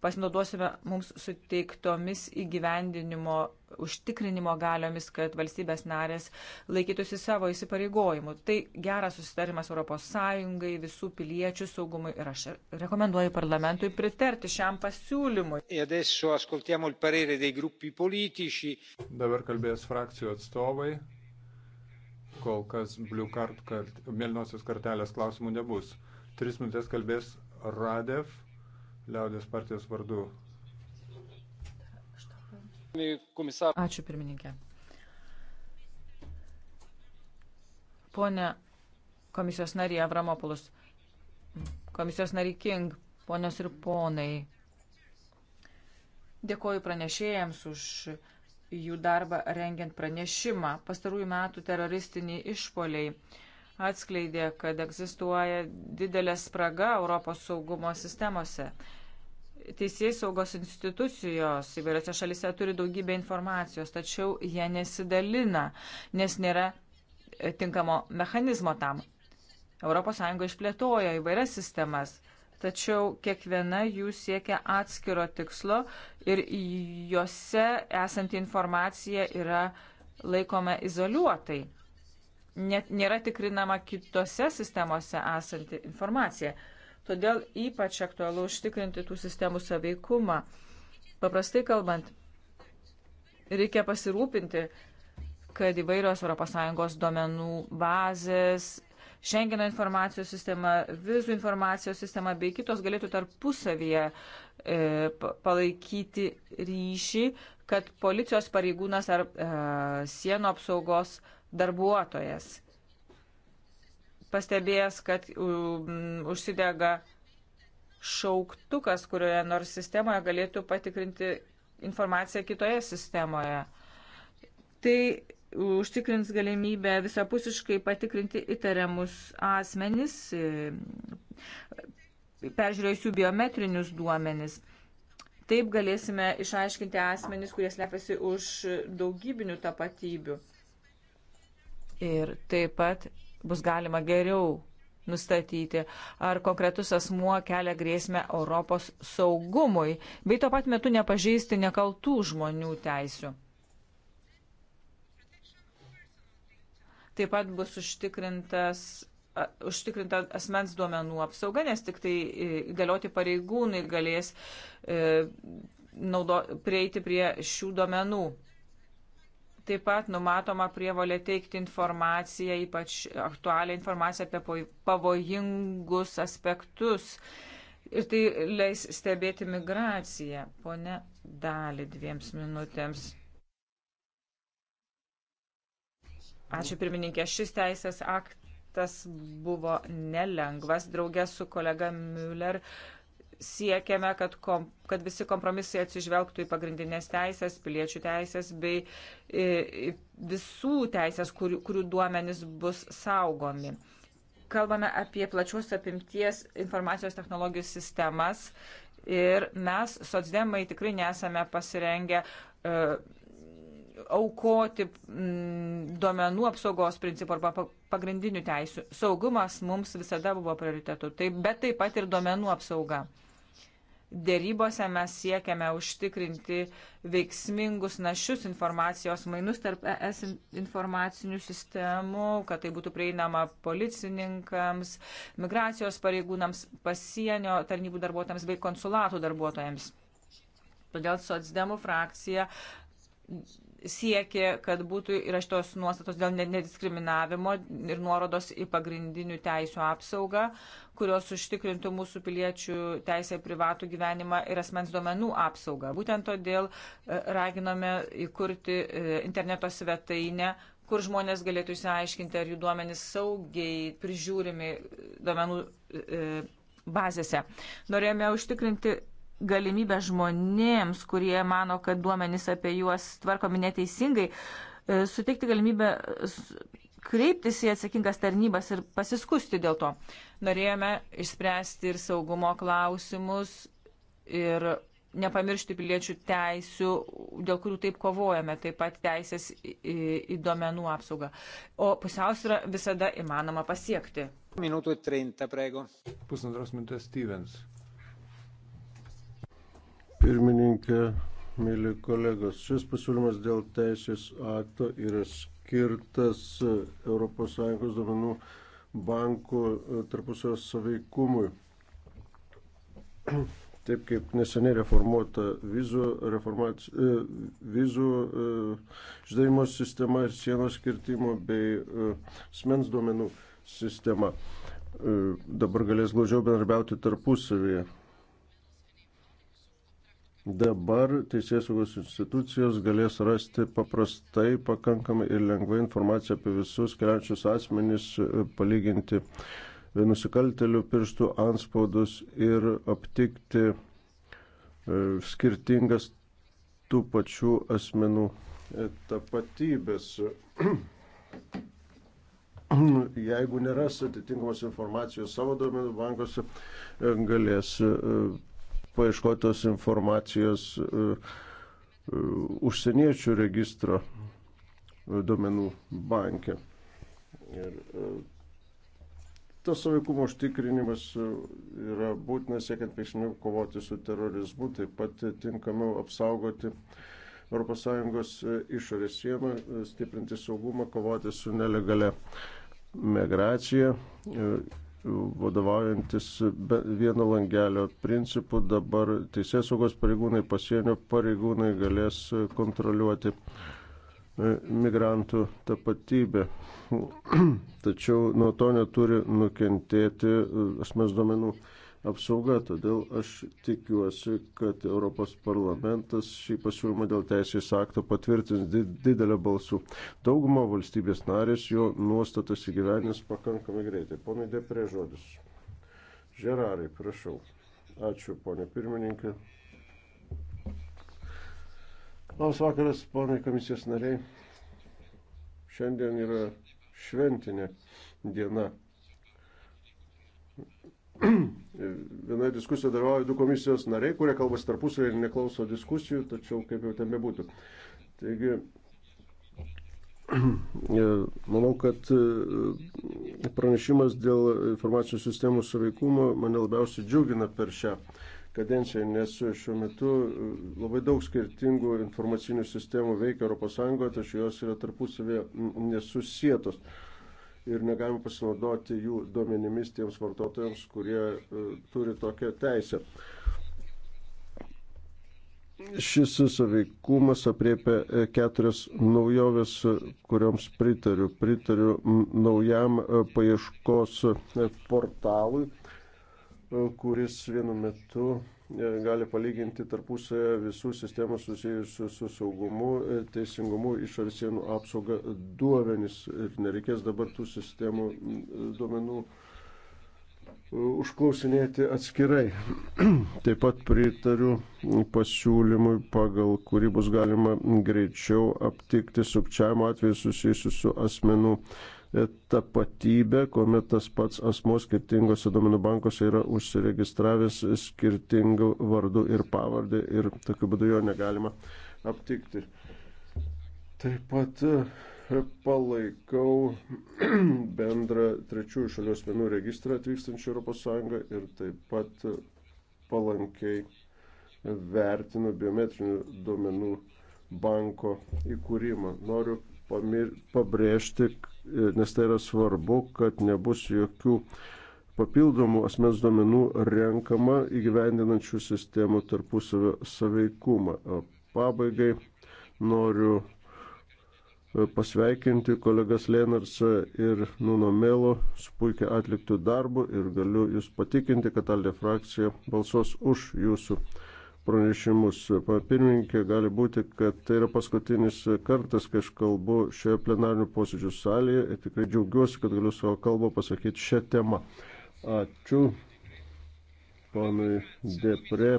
pasinaudosime mums suteiktomis įgyvendinimo, užtikrinimo galiomis, kad valstybės narės laikytųsi savo įsipareigojimų. Tai geras susitarimas ES, visų piliečių saugumui ir aš rekomenduoju parlamentui pritarti šiam pasiūlymui. E Dabar kalbės frakcijų atstovai. Kol kas kart, kart, mėlynosios kartelės klausimų nebus. Tris minutės kalbės Radev liaudės partijos vardu. Ačiū pirmininkė. Pone komisijos nariai Avramopoulos, komisijos nariai King, ponios ir ponai, dėkoju pranešėjams už jų darbą rengiant pranešimą. Pastarųjų metų teroristiniai išpoliai atskleidė, kad egzistuoja didelė spraga Europos saugumo sistemose. Teisėjai saugos institucijos įvairiose šalise turi daugybę informacijos, tačiau jie nesidalina, nes nėra e, tinkamo mechanizmo tam. ES išplėtojo įvairias sistemas, tačiau kiekviena jų siekia atskiro tikslo ir juose esanti informacija yra laikoma izoliuotai net nėra tikrinama kitose sistemose esanti informacija. Todėl ypač aktualu užtikrinti tų sistemų saveikumą. Paprastai kalbant, reikia pasirūpinti, kad įvairios ES duomenų bazės, Šengeno informacijos sistema, vizų informacijos sistema bei kitos galėtų tarpusavyje e, palaikyti ryšį, kad policijos pareigūnas ar e, sienų apsaugos darbuotojas pastebėjęs, kad um, užsidega šauktukas, kurioje nors sistemoje galėtų patikrinti informaciją kitoje sistemoje. Tai užtikrins galimybę visapusiškai patikrinti įtariamus asmenis, e, peržiūrėjus jų biometrinius duomenis. Taip galėsime išaiškinti asmenis, kurie slepiasi už daugybinių tapatybių. Ir taip pat bus galima geriau nustatyti, ar konkretus asmuo kelia grėsmę Europos saugumui, bei tuo pat metu nepažeisti nekaltų žmonių teisių. Taip pat bus užtikrintas užtikrinta asmens duomenų apsauga, nes tik tai e, įgalioti pareigūnai galės e, naudo, prieiti prie šių duomenų. Taip pat numatoma prievalė teikti informaciją, ypač aktualią informaciją apie pavojingus aspektus. Ir tai leis stebėti migraciją. Pone Dali, dviems minutėms. Ačiū pirmininkė. Šis teisės aktas buvo nelengvas. Draugė su kolega Müller siekiame, kad, kom, kad visi kompromisai atsižvelgtų į pagrindinės teisės, piliečių teisės bei i, e, e, visų teisės, kur, kurių duomenys bus saugomi. Kalbame apie plačios apimties informacijos technologijų sistemas ir mes, socdemai, tikrai nesame pasirengę uh, aukoti mm, duomenų apsaugos principų arba pagrindinių teisių. Saugumas mums visada buvo prioritetu, taip, bet taip pat ir duomenų apsauga. Dėrybose mes siekiame užtikrinti veiksmingus našius informacijos mainus tarp ES informacinių sistemų, kad tai būtų prieinama policininkams, migracijos pareigūnams, pasienio tarnybų darbuotojams bei konsulatų darbuotojams. Todėl socdemų frakcija siekė, kad būtų ir šitos nuostatos dėl nediskriminavimo ir nuorodos į pagrindinių teisų apsaugą, kurios užtikrintų mūsų piliečių teisę į privatų gyvenimą ir asmens duomenų apsaugą. Būtent todėl e, raginome įkurti e, interneto svetainę kur žmonės galėtų įsiaiškinti, ar jų duomenys saugiai prižiūrimi e, duomenų bazėse. Norėjome užtikrinti galimybę žmonėms, kurie mano, kad duomenys apie juos tvarkomi neteisingai, e, suteikti galimybę kreiptis į atsakingas tarnybas ir pasiskusti dėl to. Norėjome išspręsti ir saugumo klausimus ir nepamiršti piliečių teisių, dėl kurių taip kovojame, taip pat teisės į, į duomenų apsaugą. O pusiausvyrą visada įmanoma pasiekti. Minutų 30, prego. Pusantros minutės Stevens pirmininkė, mėly kolegos. Šis pasiūlymas dėl teisės akto yra skirtas ES duomenų bankų tarpusio saveikumui. Taip kaip neseniai reformuota vizų, e, vizų e, išdavimo sistema ir sienos skirtimo bei e, smens duomenų sistema dabar galės glaudžiau bendarbiauti tarpusavyje. Dabar teisėsaugos institucijos galės rasti paprastai, pakankamai ir lengvai informaciją apie visus keliančius asmenys, e, palyginti e, nusikaltelių pirštų anspaudus ir aptikti e, skirtingas tų pačių asmenų tapatybės. [CLEARS THROAT] Jeigu neras atitinkamos informacijos savo duomenų bankose, galės paieškotos informacijos e, e, užsieniečių registro e, duomenų banke. Ir tas saveikumo užtikrinimas yra būtinas siekiant veiksmiau kovoti su terorizmu, taip pat tinkamiau apsaugoti ES išorės sieną, stiprinti saugumą, kovoti su nelegale migracija vadovaujantis vieno langelio principu, dabar teisės saugos pareigūnai, pasienio pareigūnai galės kontroliuoti E, migrantų tapatybę. [CLEARS THROAT] Tačiau nuo to neturi nukentėti e, asmens duomenų apsauga. Todėl aš tikiuosi, kad Europos parlamentas šį pasiūlymą dėl teisės akto patvirtins didelę balsų. Dauguma valstybės narės jo nuostatas įgyvenins pakankamai greitai. Ponai Deprė žodis. Žerarai, prašau. Ačiū, ponė pirmininkė. Labas vakaras, ponai komisijos nariai. Šiandien yra šventinė diena. Vienoje diskusijoje dalyvauja du komisijos nariai, kurie kalbasi tarpusavį ir neklauso diskusijų, tačiau kaip jau ten bebūtų. Taigi, manau, kad e, pranešimas dėl informacinių sistemų suveikumo mane labiausiai džiugina per šią kadencijai, nes šiuo metu e, labai daug skirtingų informacinių sistemų veikia ES, tačiau jos yra tarpusavėje nesusietos ir negalime pasinaudoti jų duomenimis tiems vartotojams, kurie e, turi tokią teisę. Šis saveikumas apriepia e, keturias naujoves, kuriams pritariu. Pritariu naujam paieškos portalui kuris vienu metu e, gali palyginti tarpusavę visų sistemų susijusių su saugumu, e, teisingumu, išorės sienų apsauga duomenys. Ir nereikės dabar tų sistemų duomenų e, užklausinėti atskirai. [CLEARS THROAT] Taip pat pritariu pasiūlymui, pagal kurį bus galima greičiau aptikti sukčiavimo atveju susijusiu su asmenų E, tapatybę, kuomet tas pats asmo skirtingose duomenų bankose yra užsiregistravęs skirtingų vardų ir pavardę ir tokiu būdu jo negalima aptikti. Taip pat e, palaikau [CLEARS THROAT] bendrą trečiųjų šalių asmenų registrą atvykstančių ES ir taip pat e, palankiai vertinu biometrinių duomenų banko įkūrimą. Noriu pamir, pabrėžti, nes tai yra svarbu, kad nebus jokių papildomų asmens duomenų renkama įgyvendinančių sistemų tarpusavio saveikumą. Pabaigai noriu e, pasveikinti kolegas Lenarsą ir Nuno Melo su puikiai atliktų darbu ir galiu Jūs patikinti, kad Aldė frakcija balsuos už Jūsų pranešimus. Pirmininkė, gali būti, kad tai yra paskutinis kartas, kai aš kalbu šioje plenarnių posėdžių salėje ir tikrai džiaugiuosi, kad galiu savo kalbą pasakyti šią temą. Ačiū, ponui Depre.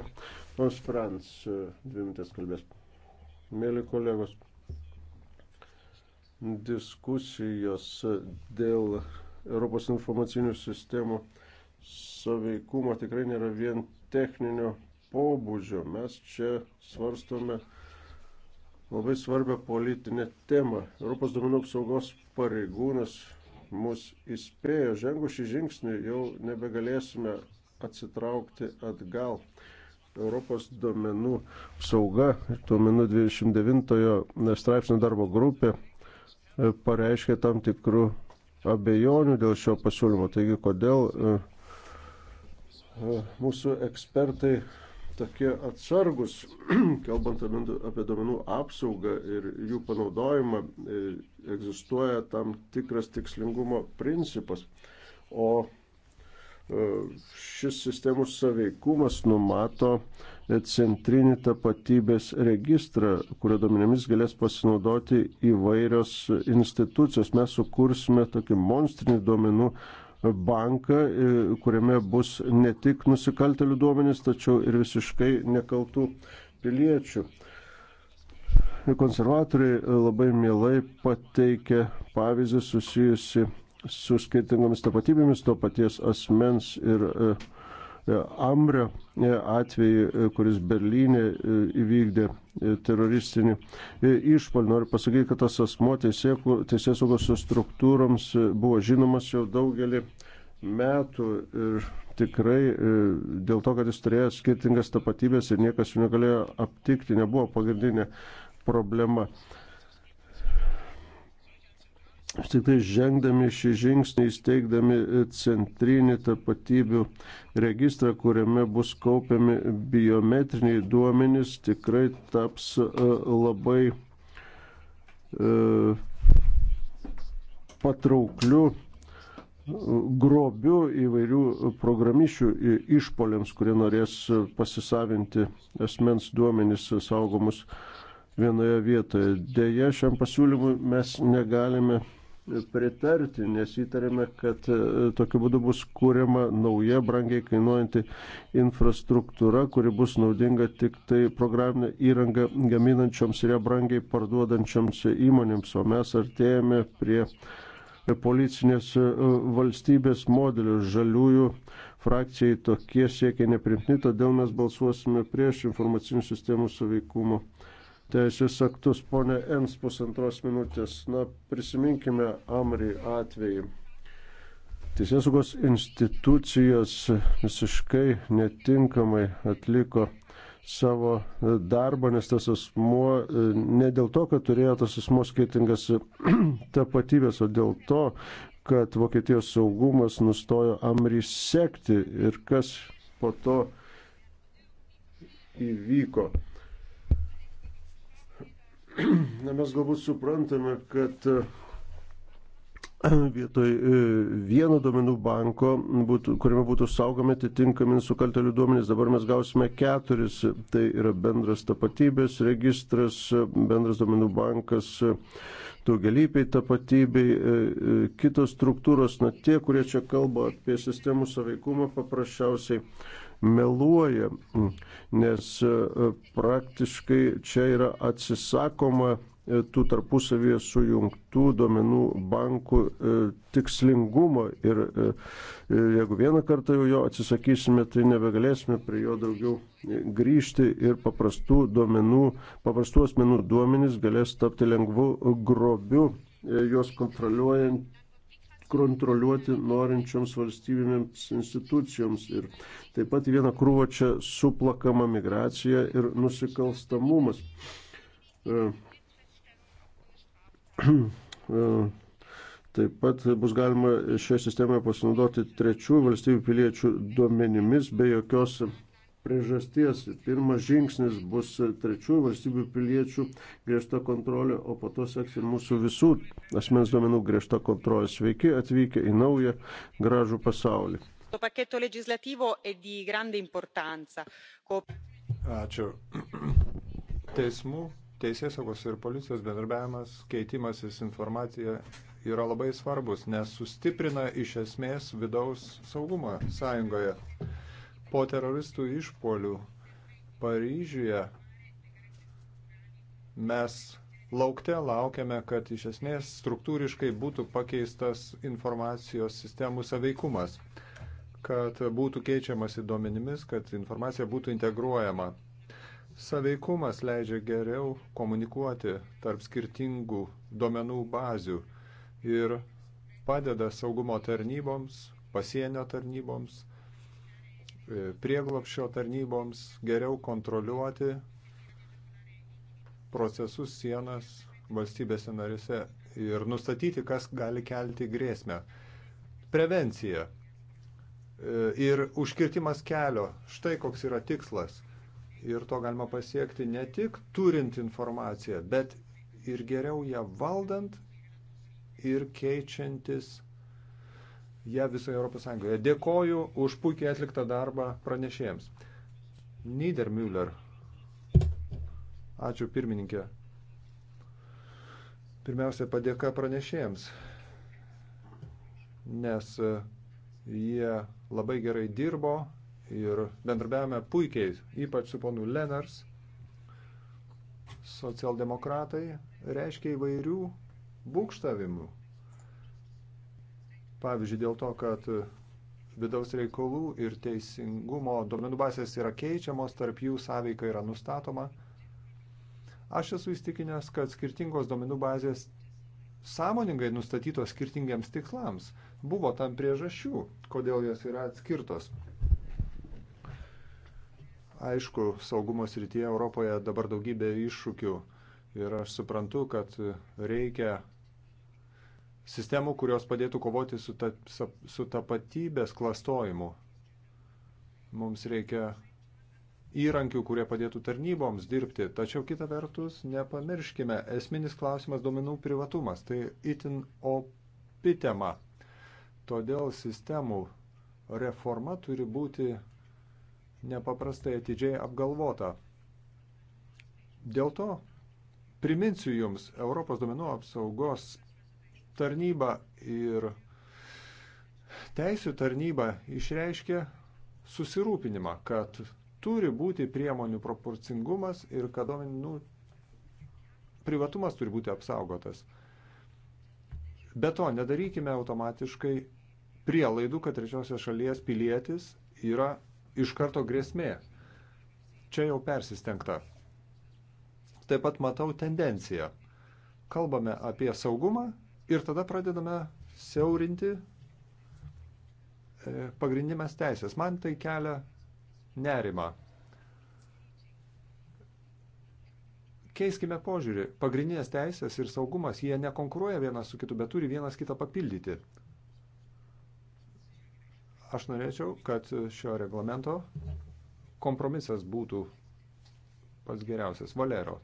Pons Frans, dvi minutės kalbės. Mėly kolegos, diskusijos dėl Europos informacinių sistemų saveikumo tikrai nėra vien techninio pobūdžio. Mes čia svarstome labai svarbią politinę temą. Europos duomenų apsaugos pareigūnas mus įspėjo, žengus šį žingsnį jau nebegalėsime atsitraukti atgal. Europos duomenų sauga ir duomenų 29 straipsnio darbo grupė e, pareiškė tam tikrų abejonių dėl šio pasiūlymo. Taigi, kodėl e, e, mūsų ekspertai tokie atsargus, [CLEARS THROAT] kalbant apie domenų apsaugą ir jų panaudojimą, e, egzistuoja tam tikras tikslingumo principas. O e, šis sistemų saveikumas numato e, centrinį tapatybės registrą, kurio duomenimis galės pasinaudoti įvairios institucijos. Mes sukursime tokį monstrinį duomenų banką, e, kuriame bus ne tik nusikaltelių duomenys, tačiau ir visiškai nekaltų piliečių. Konservatoriai e, labai mielai pateikė pavyzdį susijusi su skirtingomis tapatybėmis to paties asmens ir uh, E, Amrio e, atvejį, e, kuris Berlyne įvykdė teroristinį išpolį. Noriu pasakyti, kad tas asmo teisės saugos struktūroms buvo žinomas jau daugelį metų ir tikrai dėl to, kad jis turėjo skirtingas tapatybės ir niekas jų negalėjo aptikti, nebuvo pagrindinė problema. Vis tik tai žengdami šį žingsnį, įsteigdami centrinį tapatybių registrą, kuriame bus kaupiami biometriniai duomenys, tikrai taps e, labai e, patraukliu grobiu įvairių programišių išpoliams, kurie norės pasisavinti asmens duomenys saugomus vienoje vietoje. Deja, šiam pasiūlymui mes negalime pritarti, nes įtarėme, kad e, tokiu būdu bus kūriama nauja, brangiai kainuojanti infrastruktūra, kuri bus naudinga tik tai programinę įrangą gaminančioms ir ją brangiai parduodančioms įmonėms, o mes artėjame prie policinės e, valstybės modelių žaliųjų frakcijai tokie siekiai neprimtini, todėl mes balsuosime prieš informacinių sistemų suveikumo teisės aktus. Pone Ens, pusantros minutės. Na, prisiminkime Amri atvejį. Teisėsaugos institucijos visiškai netinkamai atliko savo darbą, nes tas asmuo ne dėl to, kad turėjo tas asmuo skirtingas [CLEARS THROAT] tapatybės, o dėl to, kad Vokietijos saugumas nustojo Amri sekti ir kas po to įvyko. [CLEARS THROAT] na, mes galbūt suprantame, kad e, vietoj e, vieno duomenų banko, būtų, kuriame būtų saugomi atitinkami nusikaltelių duomenys, dabar mes gausime keturis. Tai yra bendras tapatybės registras, bendras duomenų bankas, daugelypiai tapatybei, e, kitos struktūros, na tie, kurie čia kalba apie sistemų saveikumą, paprasčiausiai meluoja, nes e, praktiškai čia yra atsisakoma e, tų tarpusavėje sujungtų duomenų bankų e, tikslingumo ir jeigu vieną kartą jau jo atsisakysime, tai nebegalėsime prie jo daugiau grįžti ir paprastų duomenų, paprastų asmenų duomenys galės tapti lengvu grobiu juos kontroliuojant kontroliuoti norinčioms valstybinėms institucijoms. Ir taip pat į vieną krūvą čia suplakama migracija ir nusikalstamumas. E, [CLEARS THROAT] e, taip pat bus galima šioje sistemoje pasinaudoti trečių valstybių piliečių duomenimis be jokios priežasties. Pirmas žingsnis bus trečiųjų valstybių piliečių griežta kontrolė, o po to seks ir mūsų visų asmens duomenų griežta kontrolė. Sveiki atvykę į naują gražų pasaulį. Ačiū. [CLEARS THROAT] Teismų, teisėsaugos ir policijos bendarbiavimas, keitimasis informacija yra labai svarbus, nes sustiprina iš esmės vidaus saugumo sąjungoje po teroristų išpolių Paryžiuje mes laukte laukiame, kad iš esmės struktūriškai būtų pakeistas informacijos sistemų saveikumas, kad būtų keičiamasi duomenimis, kad informacija būtų integruojama. Saveikumas leidžia geriau komunikuoti tarp skirtingų duomenų bazių ir padeda saugumo tarnyboms, pasienio tarnyboms prieglopšio tarnyboms geriau kontroliuoti procesus sienas valstybėse narise ir nustatyti, kas gali kelti grėsmę. Prevencija e, ir užkirtimas kelio. Štai koks yra tikslas. Ir to galima pasiekti ne tik turint informaciją, bet ir geriau ją valdant ir keičiantis ją visoje ES. Dėkoju už puikiai atliktą darbą pranešėjams. Niedermüller. Ačiū pirmininkė. Pirmiausia, padėka pranešėjams, nes e, jie labai gerai dirbo ir bendrabiavome puikiai, ypač su ponu Lenars. Socialdemokratai reiškia įvairių būkštavimų Pavyzdžiui, dėl to, kad vidaus reikalų ir teisingumo duomenų bazės yra keičiamos, tarp jų sąveika yra nustatoma. Aš esu įstikinęs, kad skirtingos duomenų bazės sąmoningai nustatytos skirtingiems tikslams. Buvo tam priežasčių, kodėl jos yra atskirtos. Aišku, saugumo srityje Europoje dabar daugybė iššūkių ir aš suprantu, kad reikia sistemų, kurios padėtų kovoti su, ta, su tapatybės klastojimu. Mums reikia įrankių, kurie padėtų tarnyboms dirbti. Tačiau kita vertus, nepamirškime, esminis klausimas duomenų privatumas. Tai itin opi tema. Todėl sistemų reforma turi būti nepaprastai atidžiai apgalvota. Dėl to priminsiu Jums Europos duomenų apsaugos tarnyba ir teisų tarnyba išreiškė susirūpinimą, kad turi būti priemonių proporcingumas ir kad duomenų privatumas turi būti apsaugotas. Be to, nedarykime automatiškai prielaidų, kad trečiosios šalies pilietis yra iš karto grėsmė. Čia jau persistengta. Taip pat matau tendenciją. Kalbame apie saugumą, Ir tada pradedame siaurinti e, pagrindinės teisės. Man tai kelia nerima. Keiskime požiūrį. Pagrindinės teisės ir saugumas, jie nekonkuruoja vienas su kitu, bet turi vienas kitą papildyti. Aš norėčiau, kad šio reglamento kompromisas būtų pats geriausias. Valero.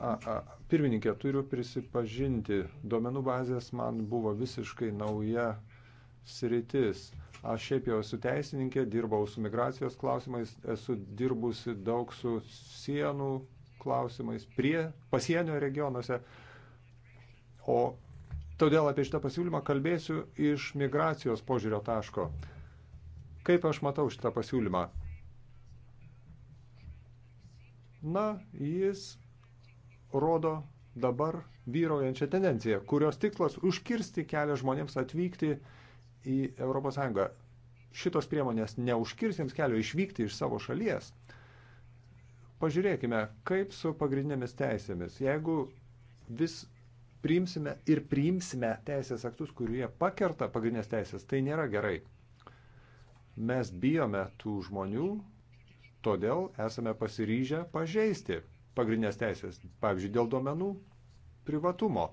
A, a, pirmininkė, turiu prisipažinti, duomenų bazės man buvo visiškai nauja sritis. Aš šiaip jau esu teisininkė, dirbau su migracijos klausimais, esu dirbusi daug su sienų klausimais prie pasienio regionuose. O todėl apie šitą pasiūlymą kalbėsiu iš migracijos požiūrio taško. Kaip aš matau šitą pasiūlymą? Na, jis rodo dabar vyraujančią tendenciją, kurios tikslas užkirsti kelią žmonėms atvykti į ES. Šitos priemonės neužkirs jiems kelio išvykti iš savo šalies. Pažiūrėkime, kaip su pagrindinėmis teisėmis. Jeigu vis priimsime ir priimsime teisės aktus, kurie pakerta pagrindinės teisės, tai nėra gerai. Mes bijome tų žmonių, todėl esame pasiryžę pažeisti pagrindinės teisės, pavyzdžiui, dėl duomenų privatumo.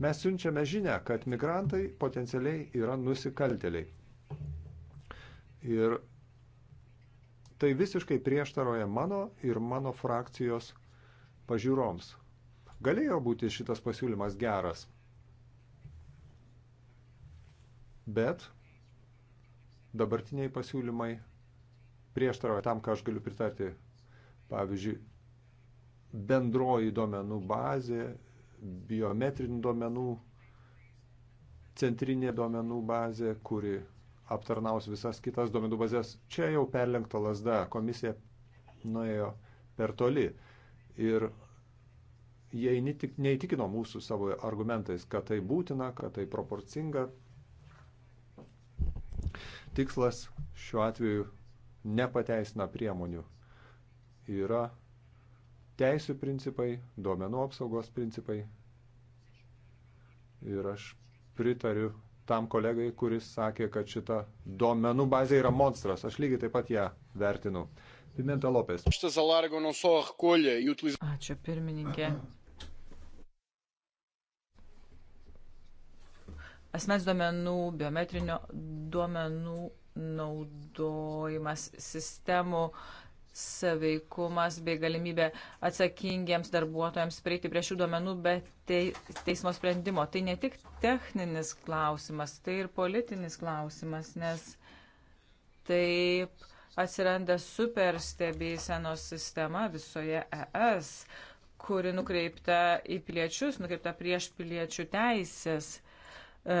Mes siunčiame žinę, kad migrantai potencialiai yra nusikalteliai. Ir tai visiškai prieštaroja mano ir mano frakcijos pažiūroms. Galėjo būti šitas pasiūlymas geras, bet dabartiniai pasiūlymai prieštarauja tam, ką aš galiu pritarti. Pavyzdžiui, bendroji duomenų bazė, biometrinių duomenų, centrinė duomenų bazė, kuri aptarnaus visas kitas duomenų bazės. Čia jau perlenkta lasda, komisija nuėjo per toli ir jie neįtikino mūsų savo argumentais, kad tai būtina, kad tai proporcinga. Tikslas šiuo atveju nepateisina priemonių. Yra teisų principai, duomenų apsaugos principai. Ir aš pritariu tam kolegai, kuris sakė, kad šita duomenų bazė yra monstras. Aš lygiai taip pat ją vertinu. Pimenta Lopes. Ačiū pirmininkė. Asmens duomenų, biometrinio duomenų naudojimas sistemų uh, saveikumas bei galimybė atsakingiems darbuotojams prieiti prie šių duomenų be teismo sprendimo. Tai ne tik techninis klausimas, tai ir politinis klausimas, nes taip atsiranda superstebėsenos sistema visoje ES, kuri nukreipta į piliečius, nukreipta prieš piliečių teisės. E,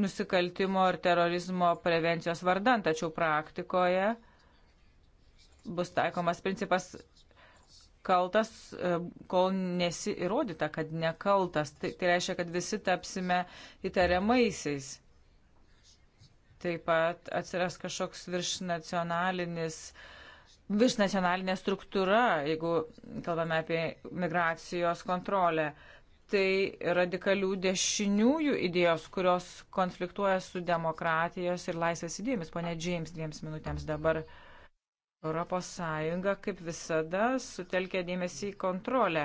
nusikaltimo ir terorizmo prevencijos vardan, tačiau praktikoje uh, bus taikomas principas kaltas, e, kol nesi įrodyta, kad nekaltas. Tai, tai reiškia, kad visi tapsime įtariamaisiais. Taip pat atsiras kažkoks viršnacionalinis, viršnacionalinė struktūra, jeigu kalbame apie migracijos kontrolę. Tai radikalių dešiniųjų idėjos, kurios konfliktuoja su demokratijos ir laisvės idėjomis. Pone James, dviems minutėms dabar. Uh, Europos Sąjunga, kaip visada, sutelkia dėmesį į kontrolę.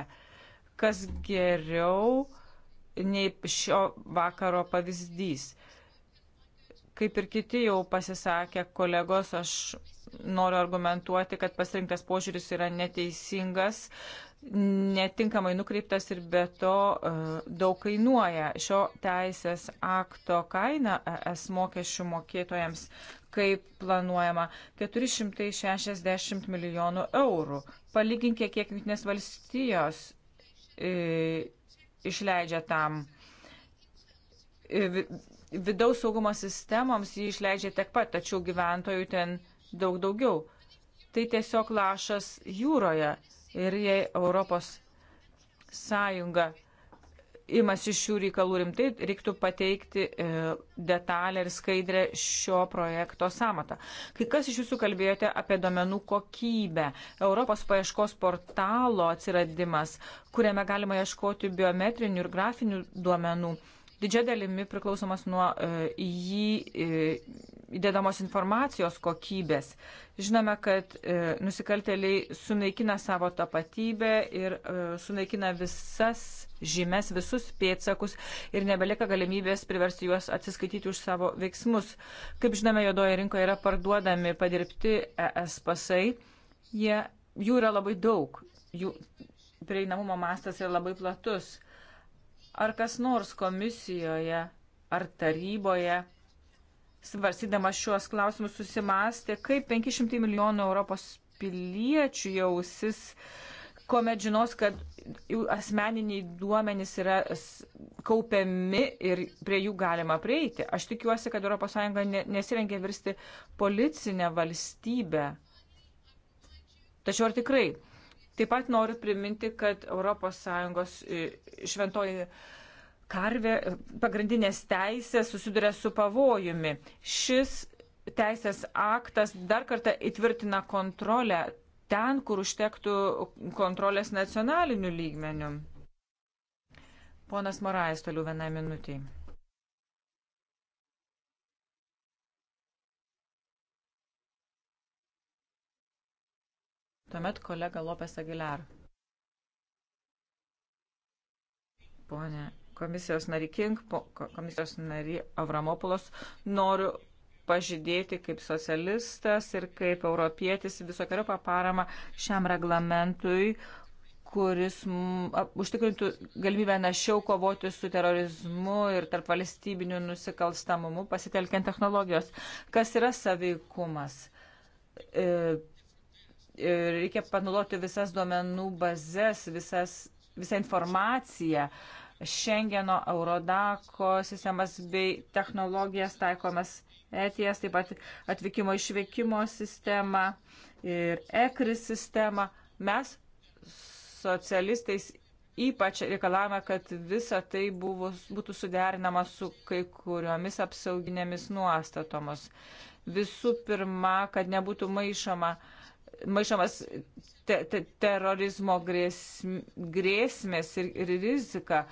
Kas geriau nei šio vakaro pavyzdys. Kaip ir kiti jau pasisakė kolegos, aš noriu argumentuoti, kad pasirinktas požiūris yra neteisingas, netinkamai nukreiptas ir be to e, daug kainuoja. Šio teisės akto kaina es mokesčių mokėtojams, kaip planuojama, 460 milijonų eurų. Palyginkė, kiek Junktinės valstijos e, išleidžia tam. E, vidaus saugumo sistemoms jį išleidžia tiek pat, tačiau gyventojų ten daug daugiau. Tai tiesiog lašas jūroje Ir jei Europos Sąjunga imasi šių reikalų rimtai, reiktų pateikti e, detalę ir skaidrę šio projekto samatą. Kai kas iš jūsų kalbėjote apie domenų kokybę, Europos paieškos portalo atsiradimas, kuriame galima ieškoti biometrinių ir grafinių duomenų, didžia dalimi priklausomas nuo e, į jį e, įdedamos informacijos kokybės. Žinome, kad e, nusikalteliai sunaikina savo tapatybę ir sunaikina visas žymes, visus pėtsakus ir nebelieka galimybės priversti juos atsiskaityti už savo veiksmus. Kaip žinome, jodoje rinkoje yra parduodami padirbti ES pasai. Jie, jų yra labai daug, jų prieinamumo mastas yra labai platus. Ar kas nors komisijoje ar taryboje, svarsydamas šiuos klausimus, susimastė, kaip 500 milijonų Europos piliečių jausis, kuomet žinos, kad jų asmeniniai duomenys yra kaupiami ir prie jų galima prieiti. Aš tikiuosi, kad ES nesirengia virsti policinę valstybę. Tačiau ar tikrai Taip pat noriu priminti, kad ES e, šventoji karvė e, pagrindinės teisės susiduria su pavojumi. Šis teisės aktas dar kartą įtvirtina kontrolę ten, kur užtektų kontrolės nacionaliniu lygmeniu. Ponas Morais, toliau vieną minutį. Tuomet kolega Lopes Aguilar. Pone komisijos nari King, komisijos nari Avramopulos, noriu pažydėti kaip socialistas ir kaip europietis visokiojo paparamą šiam reglamentui, kuris m, ap, užtikrintų galimybę našiau kovoti su terorizmu ir tarp valstybinių nusikalstamumu pasitelkiant technologijos. Kas yra saveikumas? E, reikia panaudoti visas duomenų bazės, visas, visą informaciją, Schengeno, Eurodako sistemas bei technologijas taikomas ETS, taip pat atvykimo išvykimo sistemą ir ECRIS sistemą. Mes socialistais ypač reikalavome, kad visa tai buvo, būtų suderinama su kai kuriomis apsauginėmis nuostatomis. Visų pirma, kad nebūtų maišoma uh, maišomas te, te, terorizmo grėsm, grėsmės ir, ir rizika.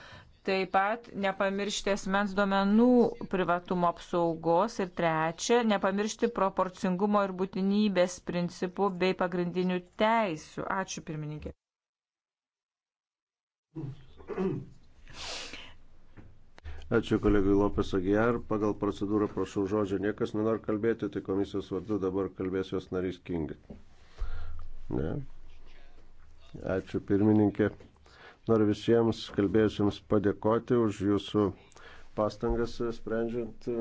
Taip pat nepamiršti esmens duomenų privatumo apsaugos ir trečia, nepamiršti proporcingumo ir būtinybės principų bei pagrindinių teisių. Ačiū pirmininkė. Ačiū kolegai Lopes Agijar. Pagal procedūrą prašau žodžio, niekas nenori kalbėti, tai komisijos vardu dabar kalbės jos narys Kingai. Ne. Ačiū pirmininkė. Noriu visiems kalbėjusiems padėkoti už jūsų pastangas sprendžiant